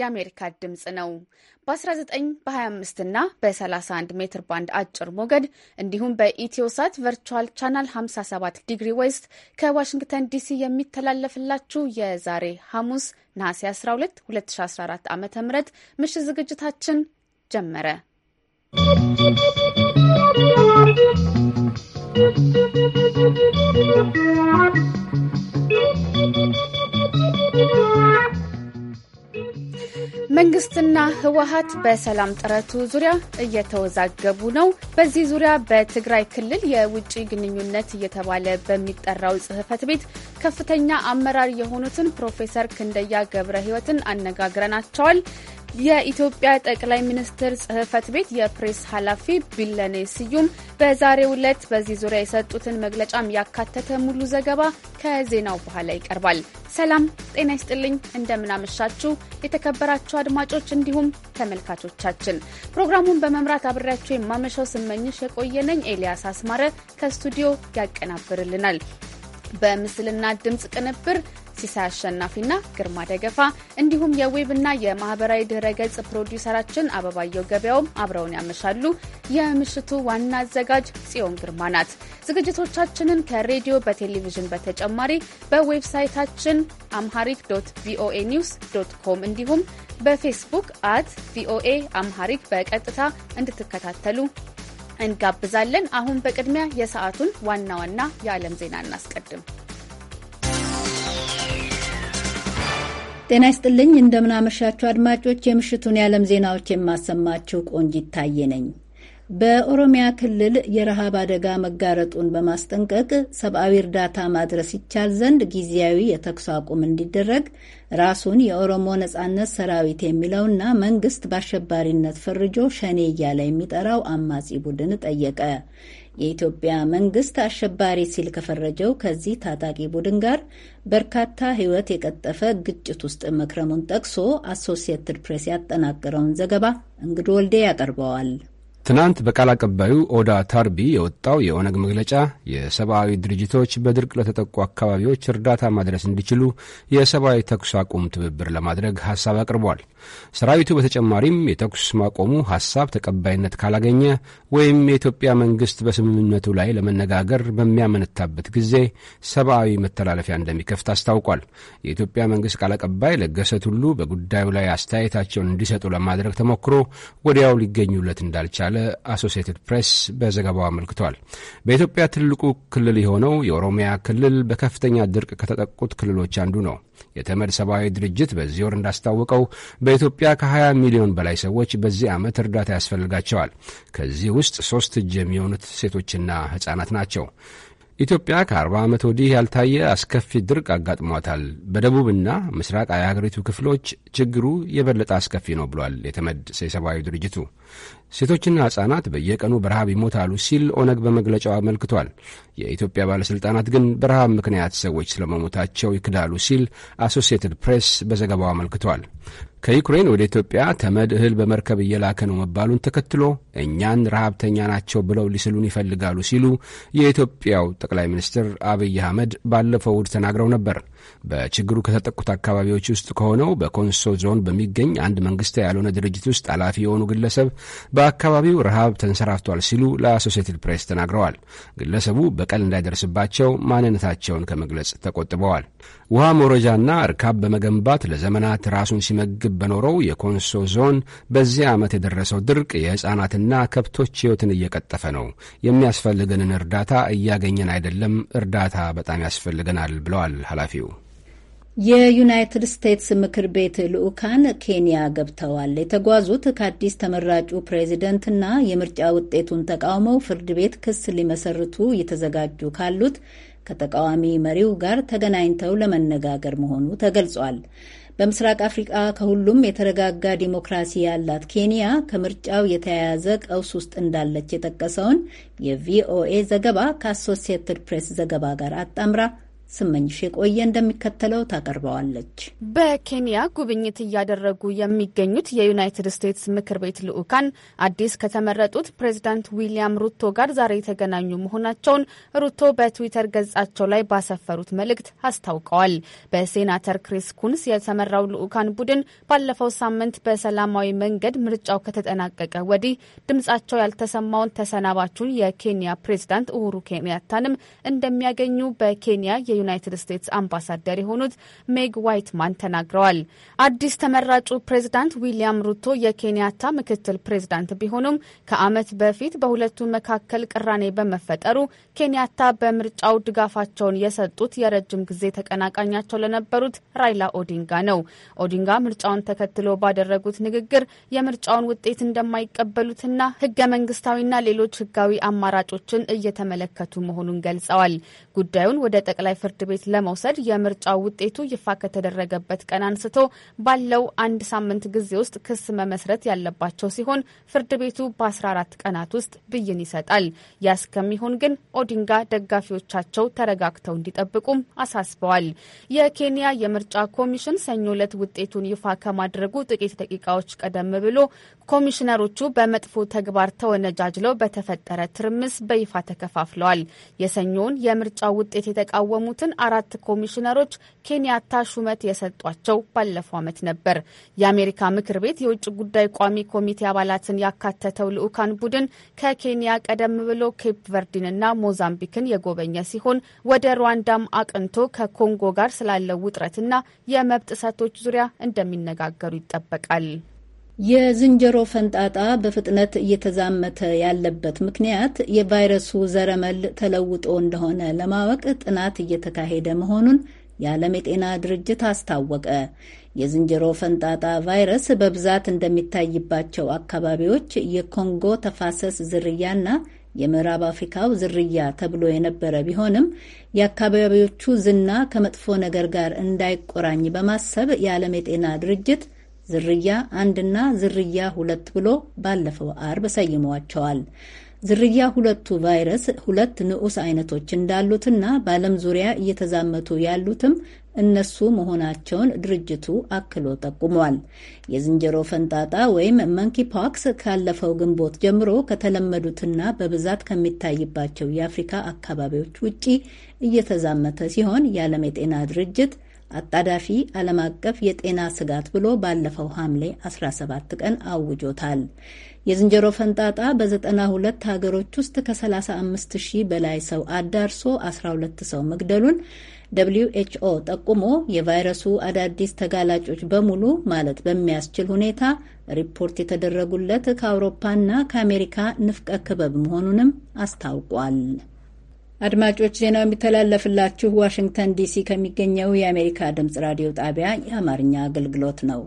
የአሜሪካ ድምፅ ነው። በ19 በ25 እና በ31 ሜትር ባንድ አጭር ሞገድ እንዲሁም በኢትዮሳት ቨርቹዋል ቻናል 57 ዲግሪ ዌስት ከዋሽንግተን ዲሲ የሚተላለፍላችሁ የዛሬ ሐሙስ ነሐሴ 12 2014 ዓ ም ምሽት ዝግጅታችን ጀመረ። ¶¶ መንግስትና ህወሀት በሰላም ጥረቱ ዙሪያ እየተወዛገቡ ነው። በዚህ ዙሪያ በትግራይ ክልል የውጭ ግንኙነት እየተባለ በሚጠራው ጽህፈት ቤት ከፍተኛ አመራር የሆኑትን ፕሮፌሰር ክንደያ ገብረ ህይወትን አነጋግረናቸዋል። የኢትዮጵያ ጠቅላይ ሚኒስትር ጽህፈት ቤት የፕሬስ ኃላፊ ቢለኔ ስዩም በዛሬው ዕለት በዚህ ዙሪያ የሰጡትን መግለጫም ያካተተ ሙሉ ዘገባ ከዜናው በኋላ ይቀርባል። ሰላም ጤና ይስጥልኝ። እንደምናመሻችሁ የተከበራችሁ አድማጮች እንዲሁም ተመልካቾቻችን። ፕሮግራሙን በመምራት አብሬያቸው የማመሻው ስመኝሽ የቆየነኝ ኤልያስ አስማረ ከስቱዲዮ ያቀናብርልናል። በምስልና ድምፅ ቅንብር ሲሳይ አሸናፊና ግርማ ደገፋ እንዲሁም የዌብና የማህበራዊ ድረ ገጽ ፕሮዲውሰራችን አበባየው ገበያውም አብረውን ያመሻሉ። የምሽቱ ዋና አዘጋጅ ጽዮን ግርማ ናት። ዝግጅቶቻችንን ከሬዲዮ በቴሌቪዥን በተጨማሪ በዌብሳይታችን አምሃሪክ ዶት ቪኦኤ ኒውስ ዶት ኮም እንዲሁም በፌስቡክ አት ቪኦኤ አምሃሪክ በቀጥታ እንድትከታተሉ እንጋብዛለን። አሁን በቅድሚያ የሰዓቱን ዋና ዋና የዓለም ዜና እናስቀድም። ጤና ይስጥልኝ እንደምናመሻችሁ አድማጮች፣ የምሽቱን የዓለም ዜናዎች የማሰማችሁ ቆንጂት ታዬ ነኝ። በኦሮሚያ ክልል የረሃብ አደጋ መጋረጡን በማስጠንቀቅ ሰብአዊ እርዳታ ማድረስ ይቻል ዘንድ ጊዜያዊ የተኩስ አቁም እንዲደረግ ራሱን የኦሮሞ ነጻነት ሰራዊት የሚለውና መንግስት በአሸባሪነት ፈርጆ ሸኔ እያለ የሚጠራው አማጺ ቡድን ጠየቀ። የኢትዮጵያ መንግስት አሸባሪ ሲል ከፈረጀው ከዚህ ታጣቂ ቡድን ጋር በርካታ ሕይወት የቀጠፈ ግጭት ውስጥ መክረሙን ጠቅሶ አሶሲየትድ ፕሬስ ያጠናቀረውን ዘገባ እንግዶ ወልዴ ያቀርበዋል። ትናንት በቃል አቀባዩ ኦዳ ታርቢ የወጣው የኦነግ መግለጫ የሰብአዊ ድርጅቶች በድርቅ ለተጠቁ አካባቢዎች እርዳታ ማድረስ እንዲችሉ የሰብአዊ ተኩስ አቁም ትብብር ለማድረግ ሀሳብ አቅርቧል። ሰራዊቱ በተጨማሪም የተኩስ ማቆሙ ሀሳብ ተቀባይነት ካላገኘ ወይም የኢትዮጵያ መንግስት በስምምነቱ ላይ ለመነጋገር በሚያመነታበት ጊዜ ሰብአዊ መተላለፊያ እንደሚከፍት አስታውቋል። የኢትዮጵያ መንግስት ቃል አቀባይ ለገሰ ቱሉ በጉዳዩ ላይ አስተያየታቸውን እንዲሰጡ ለማድረግ ተሞክሮ ወዲያው ሊገኙለት እንዳልቻለ እንዳለ አሶሲየትድ ፕሬስ በዘገባው አመልክቷል። በኢትዮጵያ ትልቁ ክልል የሆነው የኦሮሚያ ክልል በከፍተኛ ድርቅ ከተጠቁት ክልሎች አንዱ ነው። የተመድ ሰብአዊ ድርጅት በዚህ ወር እንዳስታወቀው በኢትዮጵያ ከ20 ሚሊዮን በላይ ሰዎች በዚህ ዓመት እርዳታ ያስፈልጋቸዋል። ከዚህ ውስጥ ሦስት እጅ የሚሆኑት ሴቶችና ሕጻናት ናቸው። ኢትዮጵያ ከ40 ዓመት ወዲህ ያልታየ አስከፊ ድርቅ አጋጥሟታል። በደቡብና ምስራቅ የሀገሪቱ ክፍሎች ችግሩ የበለጠ አስከፊ ነው ብሏል የተመድ የሰብአዊ ድርጅቱ። ሴቶችና ሕጻናት በየቀኑ በረሃብ ይሞታሉ ሲል ኦነግ በመግለጫው አመልክቷል። የኢትዮጵያ ባለሥልጣናት ግን በረሃብ ምክንያት ሰዎች ስለመሞታቸው ይክዳሉ ሲል አሶሲየትድ ፕሬስ በዘገባው አመልክቷል። ከዩክሬን ወደ ኢትዮጵያ ተመድ እህል በመርከብ እየላከ ነው መባሉን ተከትሎ እኛን ረሃብተኛ ናቸው ብለው ሊስሉን ይፈልጋሉ ሲሉ የኢትዮጵያው ጠቅላይ ሚኒስትር አብይ አህመድ ባለፈው እሁድ ተናግረው ነበር። በችግሩ ከተጠቁት አካባቢዎች ውስጥ ከሆነው በኮንሶ ዞን በሚገኝ አንድ መንግስታዊ ያልሆነ ድርጅት ውስጥ ኃላፊ የሆኑ ግለሰብ በ በአካባቢው ረሃብ ተንሰራፍቷል ሲሉ ለአሶሴትድ ፕሬስ ተናግረዋል። ግለሰቡ በቀል እንዳይደርስባቸው ማንነታቸውን ከመግለጽ ተቆጥበዋል። ውሃ መውረጃና እርካብ በመገንባት ለዘመናት ራሱን ሲመግብ በኖረው የኮንሶ ዞን በዚህ ዓመት የደረሰው ድርቅ የሕፃናትና ከብቶች ሕይወትን እየቀጠፈ ነው። የሚያስፈልገንን እርዳታ እያገኘን አይደለም። እርዳታ በጣም ያስፈልገናል ብለዋል ኃላፊው። የዩናይትድ ስቴትስ ምክር ቤት ልዑካን ኬንያ ገብተዋል። የተጓዙት ከአዲስ ተመራጩ ፕሬዚደንትና የምርጫ ውጤቱን ተቃውመው ፍርድ ቤት ክስ ሊመሰርቱ እየተዘጋጁ ካሉት ከተቃዋሚ መሪው ጋር ተገናኝተው ለመነጋገር መሆኑ ተገልጿል። በምስራቅ አፍሪቃ ከሁሉም የተረጋጋ ዲሞክራሲ ያላት ኬንያ ከምርጫው የተያያዘ ቀውስ ውስጥ እንዳለች የጠቀሰውን የቪኦኤ ዘገባ ከአሶሲየትድ ፕሬስ ዘገባ ጋር አጣምራ ስመኝሽ የቆየ እንደሚከተለው ታቀርበዋለች። በኬንያ ጉብኝት እያደረጉ የሚገኙት የዩናይትድ ስቴትስ ምክር ቤት ልዑካን አዲስ ከተመረጡት ፕሬዚዳንት ዊሊያም ሩቶ ጋር ዛሬ የተገናኙ መሆናቸውን ሩቶ በትዊተር ገጻቸው ላይ ባሰፈሩት መልእክት አስታውቀዋል። በሴናተር ክሪስ ኩንስ የተመራው ልዑካን ቡድን ባለፈው ሳምንት በሰላማዊ መንገድ ምርጫው ከተጠናቀቀ ወዲህ ድምጻቸው ያልተሰማውን ተሰናባቹን የኬንያ ፕሬዚዳንት ኡሁሩ ኬንያታንም እንደሚያገኙ በኬንያ የዩናይትድ ስቴትስ አምባሳደር የሆኑት ሜግ ዋይትማን ተናግረዋል። አዲስ ተመራጩ ፕሬዝዳንት ዊሊያም ሩቶ የኬንያታ ምክትል ፕሬዝዳንት ቢሆኑም ከዓመት በፊት በሁለቱ መካከል ቅራኔ በመፈጠሩ ኬንያታ በምርጫው ድጋፋቸውን የሰጡት የረጅም ጊዜ ተቀናቃኛቸው ለነበሩት ራይላ ኦዲንጋ ነው። ኦዲንጋ ምርጫውን ተከትሎ ባደረጉት ንግግር የምርጫውን ውጤት እንደማይቀበሉትና ሕገ መንግስታዊና ሌሎች ህጋዊ አማራጮችን እየተመለከቱ መሆኑን ገልጸዋል። ጉዳዩን ወደ ጠቅላይ ፍርድ ፍርድ ቤት ለመውሰድ የምርጫ ውጤቱ ይፋ ከተደረገበት ቀን አንስቶ ባለው አንድ ሳምንት ጊዜ ውስጥ ክስ መመስረት ያለባቸው ሲሆን ፍርድ ቤቱ በ14 ቀናት ውስጥ ብይን ይሰጣል። ያ እስከሚሆን ግን ኦዲንጋ ደጋፊዎቻቸው ተረጋግተው እንዲጠብቁም አሳስበዋል። የኬንያ የምርጫ ኮሚሽን ሰኞ ዕለት ውጤቱን ይፋ ከማድረጉ ጥቂት ደቂቃዎች ቀደም ብሎ ኮሚሽነሮቹ በመጥፎ ተግባር ተወነጃጅለው በተፈጠረ ትርምስ በይፋ ተከፋፍለዋል። የሰኞውን የምርጫ ውጤት የተቃወሙ የሆኑትን አራት ኮሚሽነሮች ኬንያታ ሹመት የሰጧቸው ባለፈው ዓመት ነበር። የአሜሪካ ምክር ቤት የውጭ ጉዳይ ቋሚ ኮሚቴ አባላትን ያካተተው ልዑካን ቡድን ከኬንያ ቀደም ብሎ ኬፕ ቨርዲንና ሞዛምቢክን የጎበኘ ሲሆን ወደ ሩዋንዳም አቅንቶ ከኮንጎ ጋር ስላለው ውጥረትና የመብት ጥሰቶች ዙሪያ እንደሚነጋገሩ ይጠበቃል። የዝንጀሮ ፈንጣጣ በፍጥነት እየተዛመተ ያለበት ምክንያት የቫይረሱ ዘረመል ተለውጦ እንደሆነ ለማወቅ ጥናት እየተካሄደ መሆኑን የዓለም የጤና ድርጅት አስታወቀ። የዝንጀሮ ፈንጣጣ ቫይረስ በብዛት እንደሚታይባቸው አካባቢዎች የኮንጎ ተፋሰስ ዝርያና የምዕራብ አፍሪካው ዝርያ ተብሎ የነበረ ቢሆንም የአካባቢዎቹ ዝና ከመጥፎ ነገር ጋር እንዳይቆራኝ በማሰብ የዓለም የጤና ድርጅት ዝርያ አንድና ዝርያ ሁለት ብሎ ባለፈው አርብ ሰይመዋቸዋል። ዝርያ ሁለቱ ቫይረስ ሁለት ንዑስ አይነቶች እንዳሉትና በዓለም ዙሪያ እየተዛመቱ ያሉትም እነሱ መሆናቸውን ድርጅቱ አክሎ ጠቁሟል። የዝንጀሮ ፈንጣጣ ወይም መንኪ ፖክስ ካለፈው ግንቦት ጀምሮ ከተለመዱትና በብዛት ከሚታይባቸው የአፍሪካ አካባቢዎች ውጪ እየተዛመተ ሲሆን የዓለም የጤና ድርጅት አጣዳፊ ዓለም አቀፍ የጤና ስጋት ብሎ ባለፈው ሐምሌ 17 ቀን አውጆታል። የዝንጀሮ ፈንጣጣ በ92 ሀገሮች ውስጥ ከ35 ሺህ በላይ ሰው አዳርሶ 12 ሰው መግደሉን ደብሊው ኤችኦ ጠቁሞ የቫይረሱ አዳዲስ ተጋላጮች በሙሉ ማለት በሚያስችል ሁኔታ ሪፖርት የተደረጉለት ከአውሮፓና ከአሜሪካ ንፍቀ ክበብ መሆኑንም አስታውቋል። አድማጮች ዜናው የሚተላለፍላችሁ ዋሽንግተን ዲሲ ከሚገኘው የአሜሪካ ድምፅ ራዲዮ ጣቢያ የአማርኛ አገልግሎት ነው።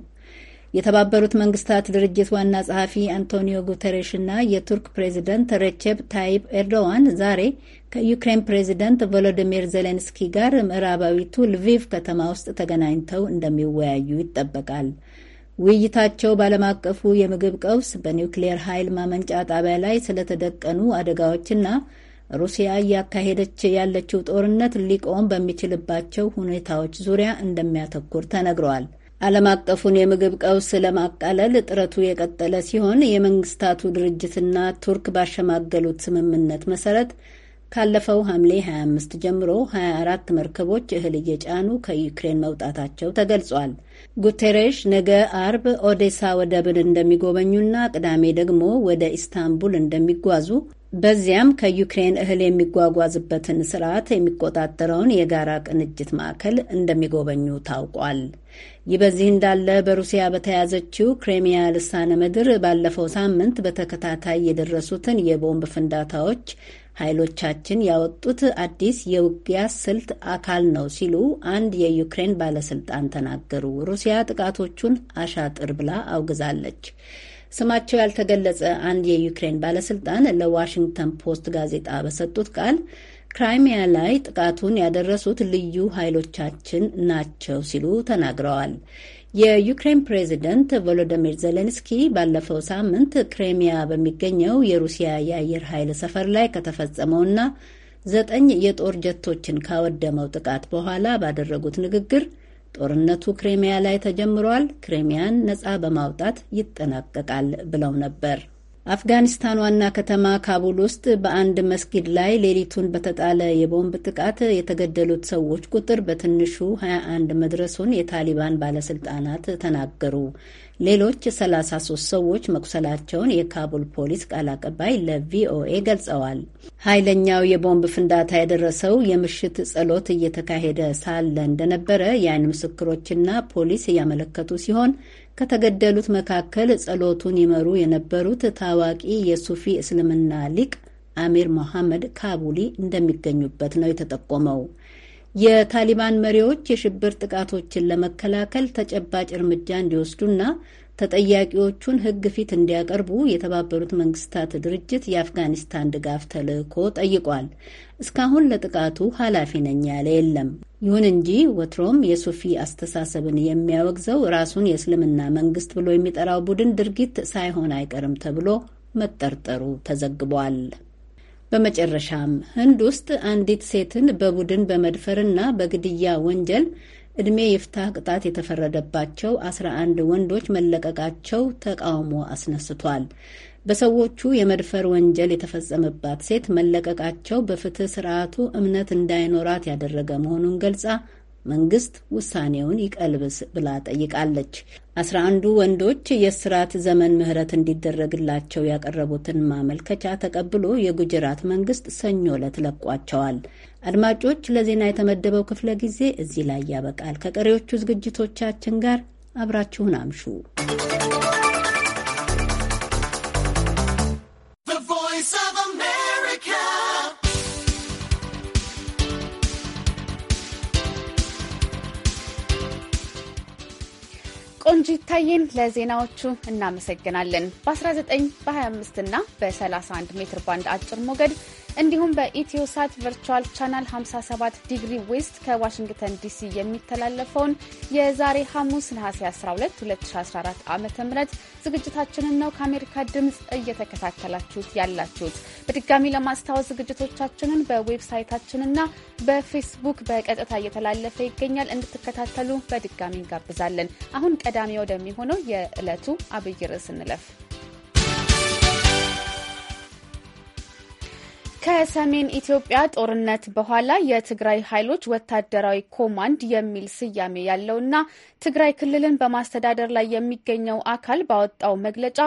የተባበሩት መንግስታት ድርጅት ዋና ጸሐፊ አንቶኒዮ ጉተሬሽ እና የቱርክ ፕሬዚደንት ሬቼፕ ታይፕ ኤርዶዋን ዛሬ ከዩክሬን ፕሬዚደንት ቮሎዲሚር ዜሌንስኪ ጋር ምዕራባዊቱ ልቪቭ ከተማ ውስጥ ተገናኝተው እንደሚወያዩ ይጠበቃል። ውይይታቸው ባለም አቀፉ የምግብ ቀውስ፣ በኒውክሌየር ኃይል ማመንጫ ጣቢያ ላይ ስለተደቀኑ አደጋዎችና ሩሲያ እያካሄደች ያለችው ጦርነት ሊቆም በሚችልባቸው ሁኔታዎች ዙሪያ እንደሚያተኩር ተነግረዋል። ዓለም አቀፉን የምግብ ቀውስ ለማቃለል ጥረቱ የቀጠለ ሲሆን የመንግስታቱ ድርጅትና ቱርክ ባሸማገሉት ስምምነት መሰረት ካለፈው ሐምሌ 25 ጀምሮ 24 መርከቦች እህል እየጫኑ ከዩክሬን መውጣታቸው ተገልጿል። ጉቴሬሽ ነገ አርብ ኦዴሳ ወደብን እንደሚጎበኙና ቅዳሜ ደግሞ ወደ ኢስታንቡል እንደሚጓዙ በዚያም ከዩክሬን እህል የሚጓጓዝበትን ስርዓት የሚቆጣጠረውን የጋራ ቅንጅት ማዕከል እንደሚጎበኙ ታውቋል። ይህ በዚህ እንዳለ በሩሲያ በተያዘችው ክሬሚያ ልሳነ ምድር ባለፈው ሳምንት በተከታታይ የደረሱትን የቦምብ ፍንዳታዎች ኃይሎቻችን ያወጡት አዲስ የውጊያ ስልት አካል ነው ሲሉ አንድ የዩክሬን ባለስልጣን ተናገሩ። ሩሲያ ጥቃቶቹን አሻጥር ብላ አውግዛለች። ስማቸው ያልተገለጸ አንድ የዩክሬን ባለስልጣን ለዋሽንግተን ፖስት ጋዜጣ በሰጡት ቃል ክራይሚያ ላይ ጥቃቱን ያደረሱት ልዩ ኃይሎቻችን ናቸው ሲሉ ተናግረዋል። የዩክሬን ፕሬዚደንት ቮሎዲሚር ዜሌንስኪ ባለፈው ሳምንት ክሬሚያ በሚገኘው የሩሲያ የአየር ኃይል ሰፈር ላይ ከተፈጸመውና ዘጠኝ የጦር ጀቶችን ካወደመው ጥቃት በኋላ ባደረጉት ንግግር ጦርነቱ ክሬሚያ ላይ ተጀምሯል፣ ክሬሚያን ነጻ በማውጣት ይጠናቀቃል ብለው ነበር። አፍጋኒስታን ዋና ከተማ ካቡል ውስጥ በአንድ መስጊድ ላይ ሌሊቱን በተጣለ የቦምብ ጥቃት የተገደሉት ሰዎች ቁጥር በትንሹ 21 መድረሱን የታሊባን ባለስልጣናት ተናገሩ። ሌሎች 33 ሰዎች መቁሰላቸውን የካቡል ፖሊስ ቃል አቀባይ ለቪኦኤ ገልጸዋል። ኃይለኛው የቦምብ ፍንዳታ የደረሰው የምሽት ጸሎት እየተካሄደ ሳለ እንደነበረ የአይን ምስክሮችና ፖሊስ እያመለከቱ ሲሆን ከተገደሉት መካከል ጸሎቱን ይመሩ የነበሩት ታዋቂ የሱፊ እስልምና ሊቅ አሚር ሞሐመድ ካቡሊ እንደሚገኙበት ነው የተጠቆመው። የታሊባን መሪዎች የሽብር ጥቃቶችን ለመከላከል ተጨባጭ እርምጃ እንዲወስዱና ተጠያቂዎቹን ሕግ ፊት እንዲያቀርቡ የተባበሩት መንግስታት ድርጅት የአፍጋኒስታን ድጋፍ ተልዕኮ ጠይቋል። እስካሁን ለጥቃቱ ኃላፊ ነኝ ያለ የለም። ይሁን እንጂ ወትሮም የሱፊ አስተሳሰብን የሚያወግዘው ራሱን የእስልምና መንግስት ብሎ የሚጠራው ቡድን ድርጊት ሳይሆን አይቀርም ተብሎ መጠርጠሩ ተዘግቧል። በመጨረሻም ህንድ ውስጥ አንዲት ሴትን በቡድን በመድፈርና በግድያ ወንጀል እድሜ ይፍታህ ቅጣት የተፈረደባቸው 11 ወንዶች መለቀቃቸው ተቃውሞ አስነስቷል። በሰዎቹ የመድፈር ወንጀል የተፈጸመባት ሴት መለቀቃቸው በፍትህ ስርዓቱ እምነት እንዳይኖራት ያደረገ መሆኑን ገልጻ መንግስት ውሳኔውን ይቀልብስ ብላ ጠይቃለች። አስራ አንዱ ወንዶች የእስራት ዘመን ምህረት እንዲደረግላቸው ያቀረቡትን ማመልከቻ ተቀብሎ የጉጅራት መንግስት ሰኞ ዕለት ለቋቸዋል። አድማጮች፣ ለዜና የተመደበው ክፍለ ጊዜ እዚህ ላይ ያበቃል። ከቀሪዎቹ ዝግጅቶቻችን ጋር አብራችሁን አምሹ። ቆንጂ ይታየን ለዜናዎቹ እናመሰግናለን። በ19 በ25 እና በ31 ሜትር ባንድ አጭር ሞገድ እንዲሁም በኢትዮሳት ቨርቹዋል ቻናል 57 ዲግሪ ዌስት ከዋሽንግተን ዲሲ የሚተላለፈውን የዛሬ ሐሙስ ነሐሴ 12 2014 ዓ ም ዝግጅታችንን ነው ከአሜሪካ ድምፅ እየተከታተላችሁት ያላችሁት። በድጋሚ ለማስታወስ ዝግጅቶቻችንን በዌብሳይታችንና በፌስቡክ በቀጥታ እየተላለፈ ይገኛል። እንድትከታተሉ በድጋሚ እንጋብዛለን። አሁን ቀዳሚ ወደሚሆነው የዕለቱ አብይ ርዕስ እንለፍ። ከሰሜን ኢትዮጵያ ጦርነት በኋላ የትግራይ ኃይሎች ወታደራዊ ኮማንድ የሚል ስያሜ ያለውና ትግራይ ክልልን በማስተዳደር ላይ የሚገኘው አካል ባወጣው መግለጫ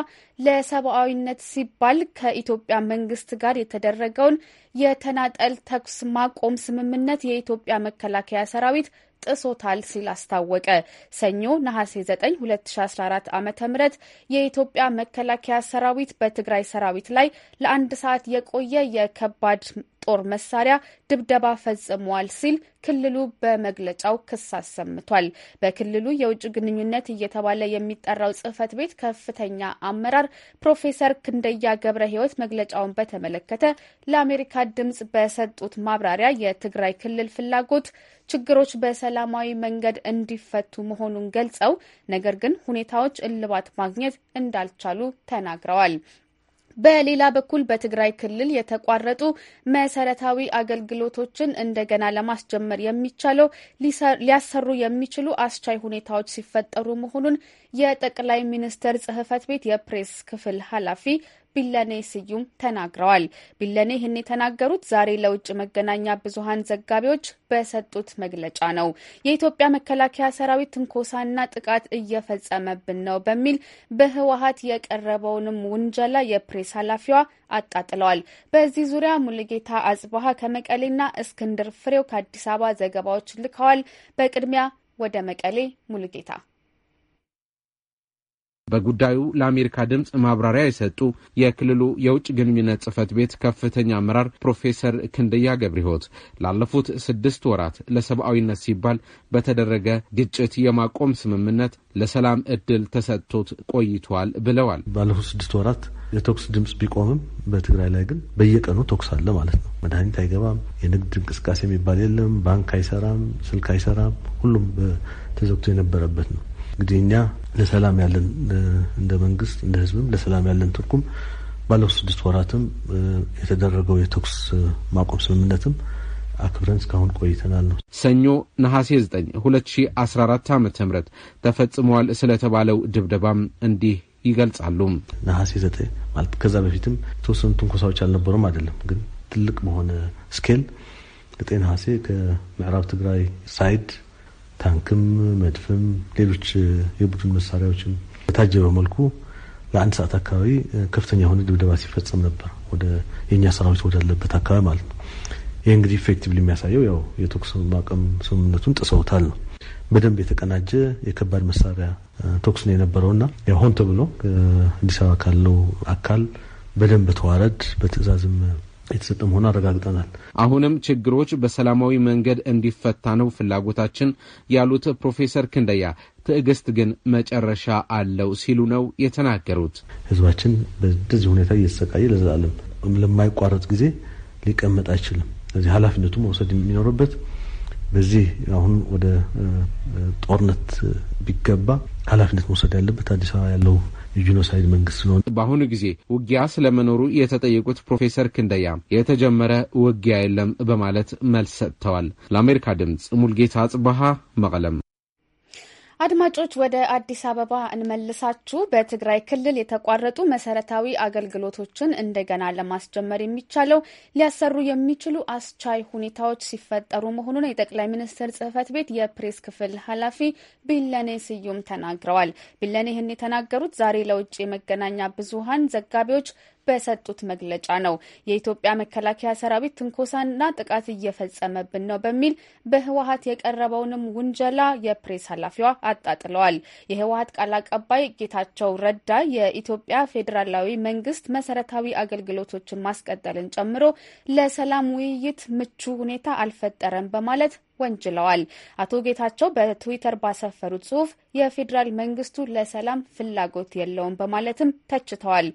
ለሰብአዊነት ሲባል ከኢትዮጵያ መንግስት ጋር የተደረገውን የተናጠል ተኩስ ማቆም ስምምነት የኢትዮጵያ መከላከያ ሰራዊት ጥሶታል ሲል አስታወቀ። ሰኞ ነሐሴ 9 2014 ዓ ም የኢትዮጵያ መከላከያ ሰራዊት በትግራይ ሰራዊት ላይ ለአንድ ሰዓት የቆየ የከባድ ጦር መሳሪያ ድብደባ ፈጽመዋል ሲል ክልሉ በመግለጫው ክስ አሰምቷል። በክልሉ የውጭ ግንኙነት እየተባለ የሚጠራው ጽህፈት ቤት ከፍተኛ አመራር ፕሮፌሰር ክንደያ ገብረ ሕይወት መግለጫውን በተመለከተ ለአሜሪካ ድምጽ በሰጡት ማብራሪያ የትግራይ ክልል ፍላጎት ችግሮች በሰላማዊ መንገድ እንዲፈቱ መሆኑን ገልጸው ነገር ግን ሁኔታዎች እልባት ማግኘት እንዳልቻሉ ተናግረዋል። በሌላ በኩል በትግራይ ክልል የተቋረጡ መሰረታዊ አገልግሎቶችን እንደገና ለማስጀመር የሚቻለው ሊያሰሩ የሚችሉ አስቻይ ሁኔታዎች ሲፈጠሩ መሆኑን የጠቅላይ ሚኒስትር ጽህፈት ቤት የፕሬስ ክፍል ኃላፊ ቢለኔ ስዩም ተናግረዋል። ቢለኔ ይህን የተናገሩት ዛሬ ለውጭ መገናኛ ብዙሃን ዘጋቢዎች በሰጡት መግለጫ ነው። የኢትዮጵያ መከላከያ ሰራዊት ትንኮሳና ጥቃት እየፈጸመብን ነው በሚል በህወሀት የቀረበውንም ውንጀላ የፕሬስ ኃላፊዋ አጣጥለዋል። በዚህ ዙሪያ ሙልጌታ አጽበሀ ከመቀሌና እስክንድር ፍሬው ከአዲስ አበባ ዘገባዎች ልከዋል። በቅድሚያ ወደ መቀሌ ሙልጌታ በጉዳዩ ለአሜሪካ ድምፅ ማብራሪያ የሰጡ የክልሉ የውጭ ግንኙነት ጽህፈት ቤት ከፍተኛ አመራር ፕሮፌሰር ክንደያ ገብረ ሕይወት ላለፉት ስድስት ወራት ለሰብአዊነት ሲባል በተደረገ ግጭት የማቆም ስምምነት ለሰላም እድል ተሰጥቶት ቆይቷል ብለዋል። ባለፉት ስድስት ወራት የተኩስ ድምፅ ቢቆምም በትግራይ ላይ ግን በየቀኑ ተኩስ አለ ማለት ነው። መድኃኒት አይገባም፣ የንግድ እንቅስቃሴ የሚባል የለም፣ ባንክ አይሰራም፣ ስልክ አይሰራም፣ ሁሉም ተዘግቶ የነበረበት ነው። እንግዲህ እኛ ለሰላም ያለን እንደ መንግስት እንደ ህዝብም ለሰላም ያለን ትርጉም ባለፉት ስድስት ወራትም የተደረገው የተኩስ ማቆም ስምምነትም አክብረን እስካሁን ቆይተናል ነው። ሰኞ ነሐሴ 9 2014 ዓ ም ተፈጽመዋል ስለተባለው ድብደባም እንዲህ ይገልጻሉ። ነሐሴ 9 ማለት ከዛ በፊትም የተወሰኑ ትንኮሳዎች አልነበሩም አይደለም፣ ግን ትልቅ በሆነ ስኬል ዘጠኝ ነሐሴ ከምዕራብ ትግራይ ሳይድ ታንክም፣ መድፍም፣ ሌሎች የቡድን መሳሪያዎችም በታጀበ መልኩ ለአንድ ሰዓት አካባቢ ከፍተኛ የሆነ ድብደባ ሲፈጸም ነበር። ወደ የእኛ ሰራዊት ወዳለበት አካባቢ ማለት ነው። ይህ እንግዲህ ኢፌክቲቭ የሚያሳየው ያው የተኩስ ማቆም ስምምነቱን ጥሰውታል ነው። በደንብ የተቀናጀ የከባድ መሳሪያ ተኩስ ነው የነበረውና ሆን ተብሎ አዲስ አበባ ካለው አካል በደንብ ተዋረድ በትእዛዝም የተሰጠ መሆኑ አረጋግጠናል። አሁንም ችግሮች በሰላማዊ መንገድ እንዲፈታ ነው ፍላጎታችን ያሉት ፕሮፌሰር ክንደያ ትዕግስት ግን መጨረሻ አለው ሲሉ ነው የተናገሩት። ህዝባችን በዚህ ሁኔታ እየተሰቃየ ለዘላለም ለማይቋረጥ ጊዜ ሊቀመጥ አይችልም። ስለዚህ ኃላፊነቱ መውሰድ የሚኖርበት በዚህ አሁን ወደ ጦርነት ቢገባ ኃላፊነት መውሰድ ያለበት አዲስ አበባ ያለው የጂኖሳይድ መንግስት ስለሆነ በአሁኑ ጊዜ ውጊያ ስለመኖሩ የተጠየቁት ፕሮፌሰር ክንደያ የተጀመረ ውጊያ የለም በማለት መልስ ሰጥተዋል። ለአሜሪካ ድምፅ ሙልጌታ ጽበሃ መቀለም አድማጮች ወደ አዲስ አበባ እንመልሳችሁ። በትግራይ ክልል የተቋረጡ መሰረታዊ አገልግሎቶችን እንደገና ለማስጀመር የሚቻለው ሊያሰሩ የሚችሉ አስቻይ ሁኔታዎች ሲፈጠሩ መሆኑን የጠቅላይ ሚኒስትር ጽህፈት ቤት የፕሬስ ክፍል ኃላፊ ቢለኔ ስዩም ተናግረዋል። ቢለኔ ይህን የተናገሩት ዛሬ ለውጭ የመገናኛ ብዙሀን ዘጋቢዎች በሰጡት መግለጫ ነው። የኢትዮጵያ መከላከያ ሰራዊት ትንኮሳና ጥቃት እየፈጸመብን ነው በሚል በህወሀት የቀረበውንም ውንጀላ የፕሬስ ኃላፊዋ አጣጥለዋል። የህወሀት ቃል አቀባይ ጌታቸው ረዳ የኢትዮጵያ ፌዴራላዊ መንግስት መሰረታዊ አገልግሎቶችን ማስቀጠልን ጨምሮ ለሰላም ውይይት ምቹ ሁኔታ አልፈጠረም በማለት ወንጅለዋል። አቶ ጌታቸው በትዊተር ባሰፈሩት ጽሁፍ የፌዴራል መንግስቱ ለሰላም ፍላጎት የለውም በማለትም ተችተዋል።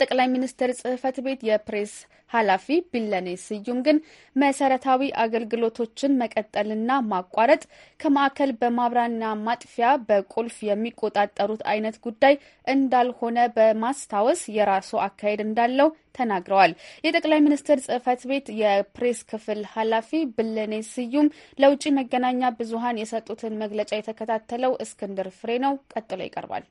ጠቅላይ ሚኒስትር ጽህፈት ቤት የፕሬስ ኃላፊ ቢለኔ ስዩም ግን መሰረታዊ አገልግሎቶችን መቀጠልና ማቋረጥ ከማዕከል በማብራና ማጥፊያ በቁልፍ የሚቆጣጠሩት አይነት ጉዳይ እንዳልሆነ በማስታወስ የራሱ አካሄድ እንዳለው ተናግረዋል። የጠቅላይ ሚኒስትር ጽህፈት ቤት የፕሬስ ክፍል ኃላፊ ብለኔ ስዩም ለውጭ መገናኛ ብዙሃን የሰጡትን መግለጫ የተከታተለው እስክንድር ፍሬ ነው። ቀጥሎ ይቀርባል።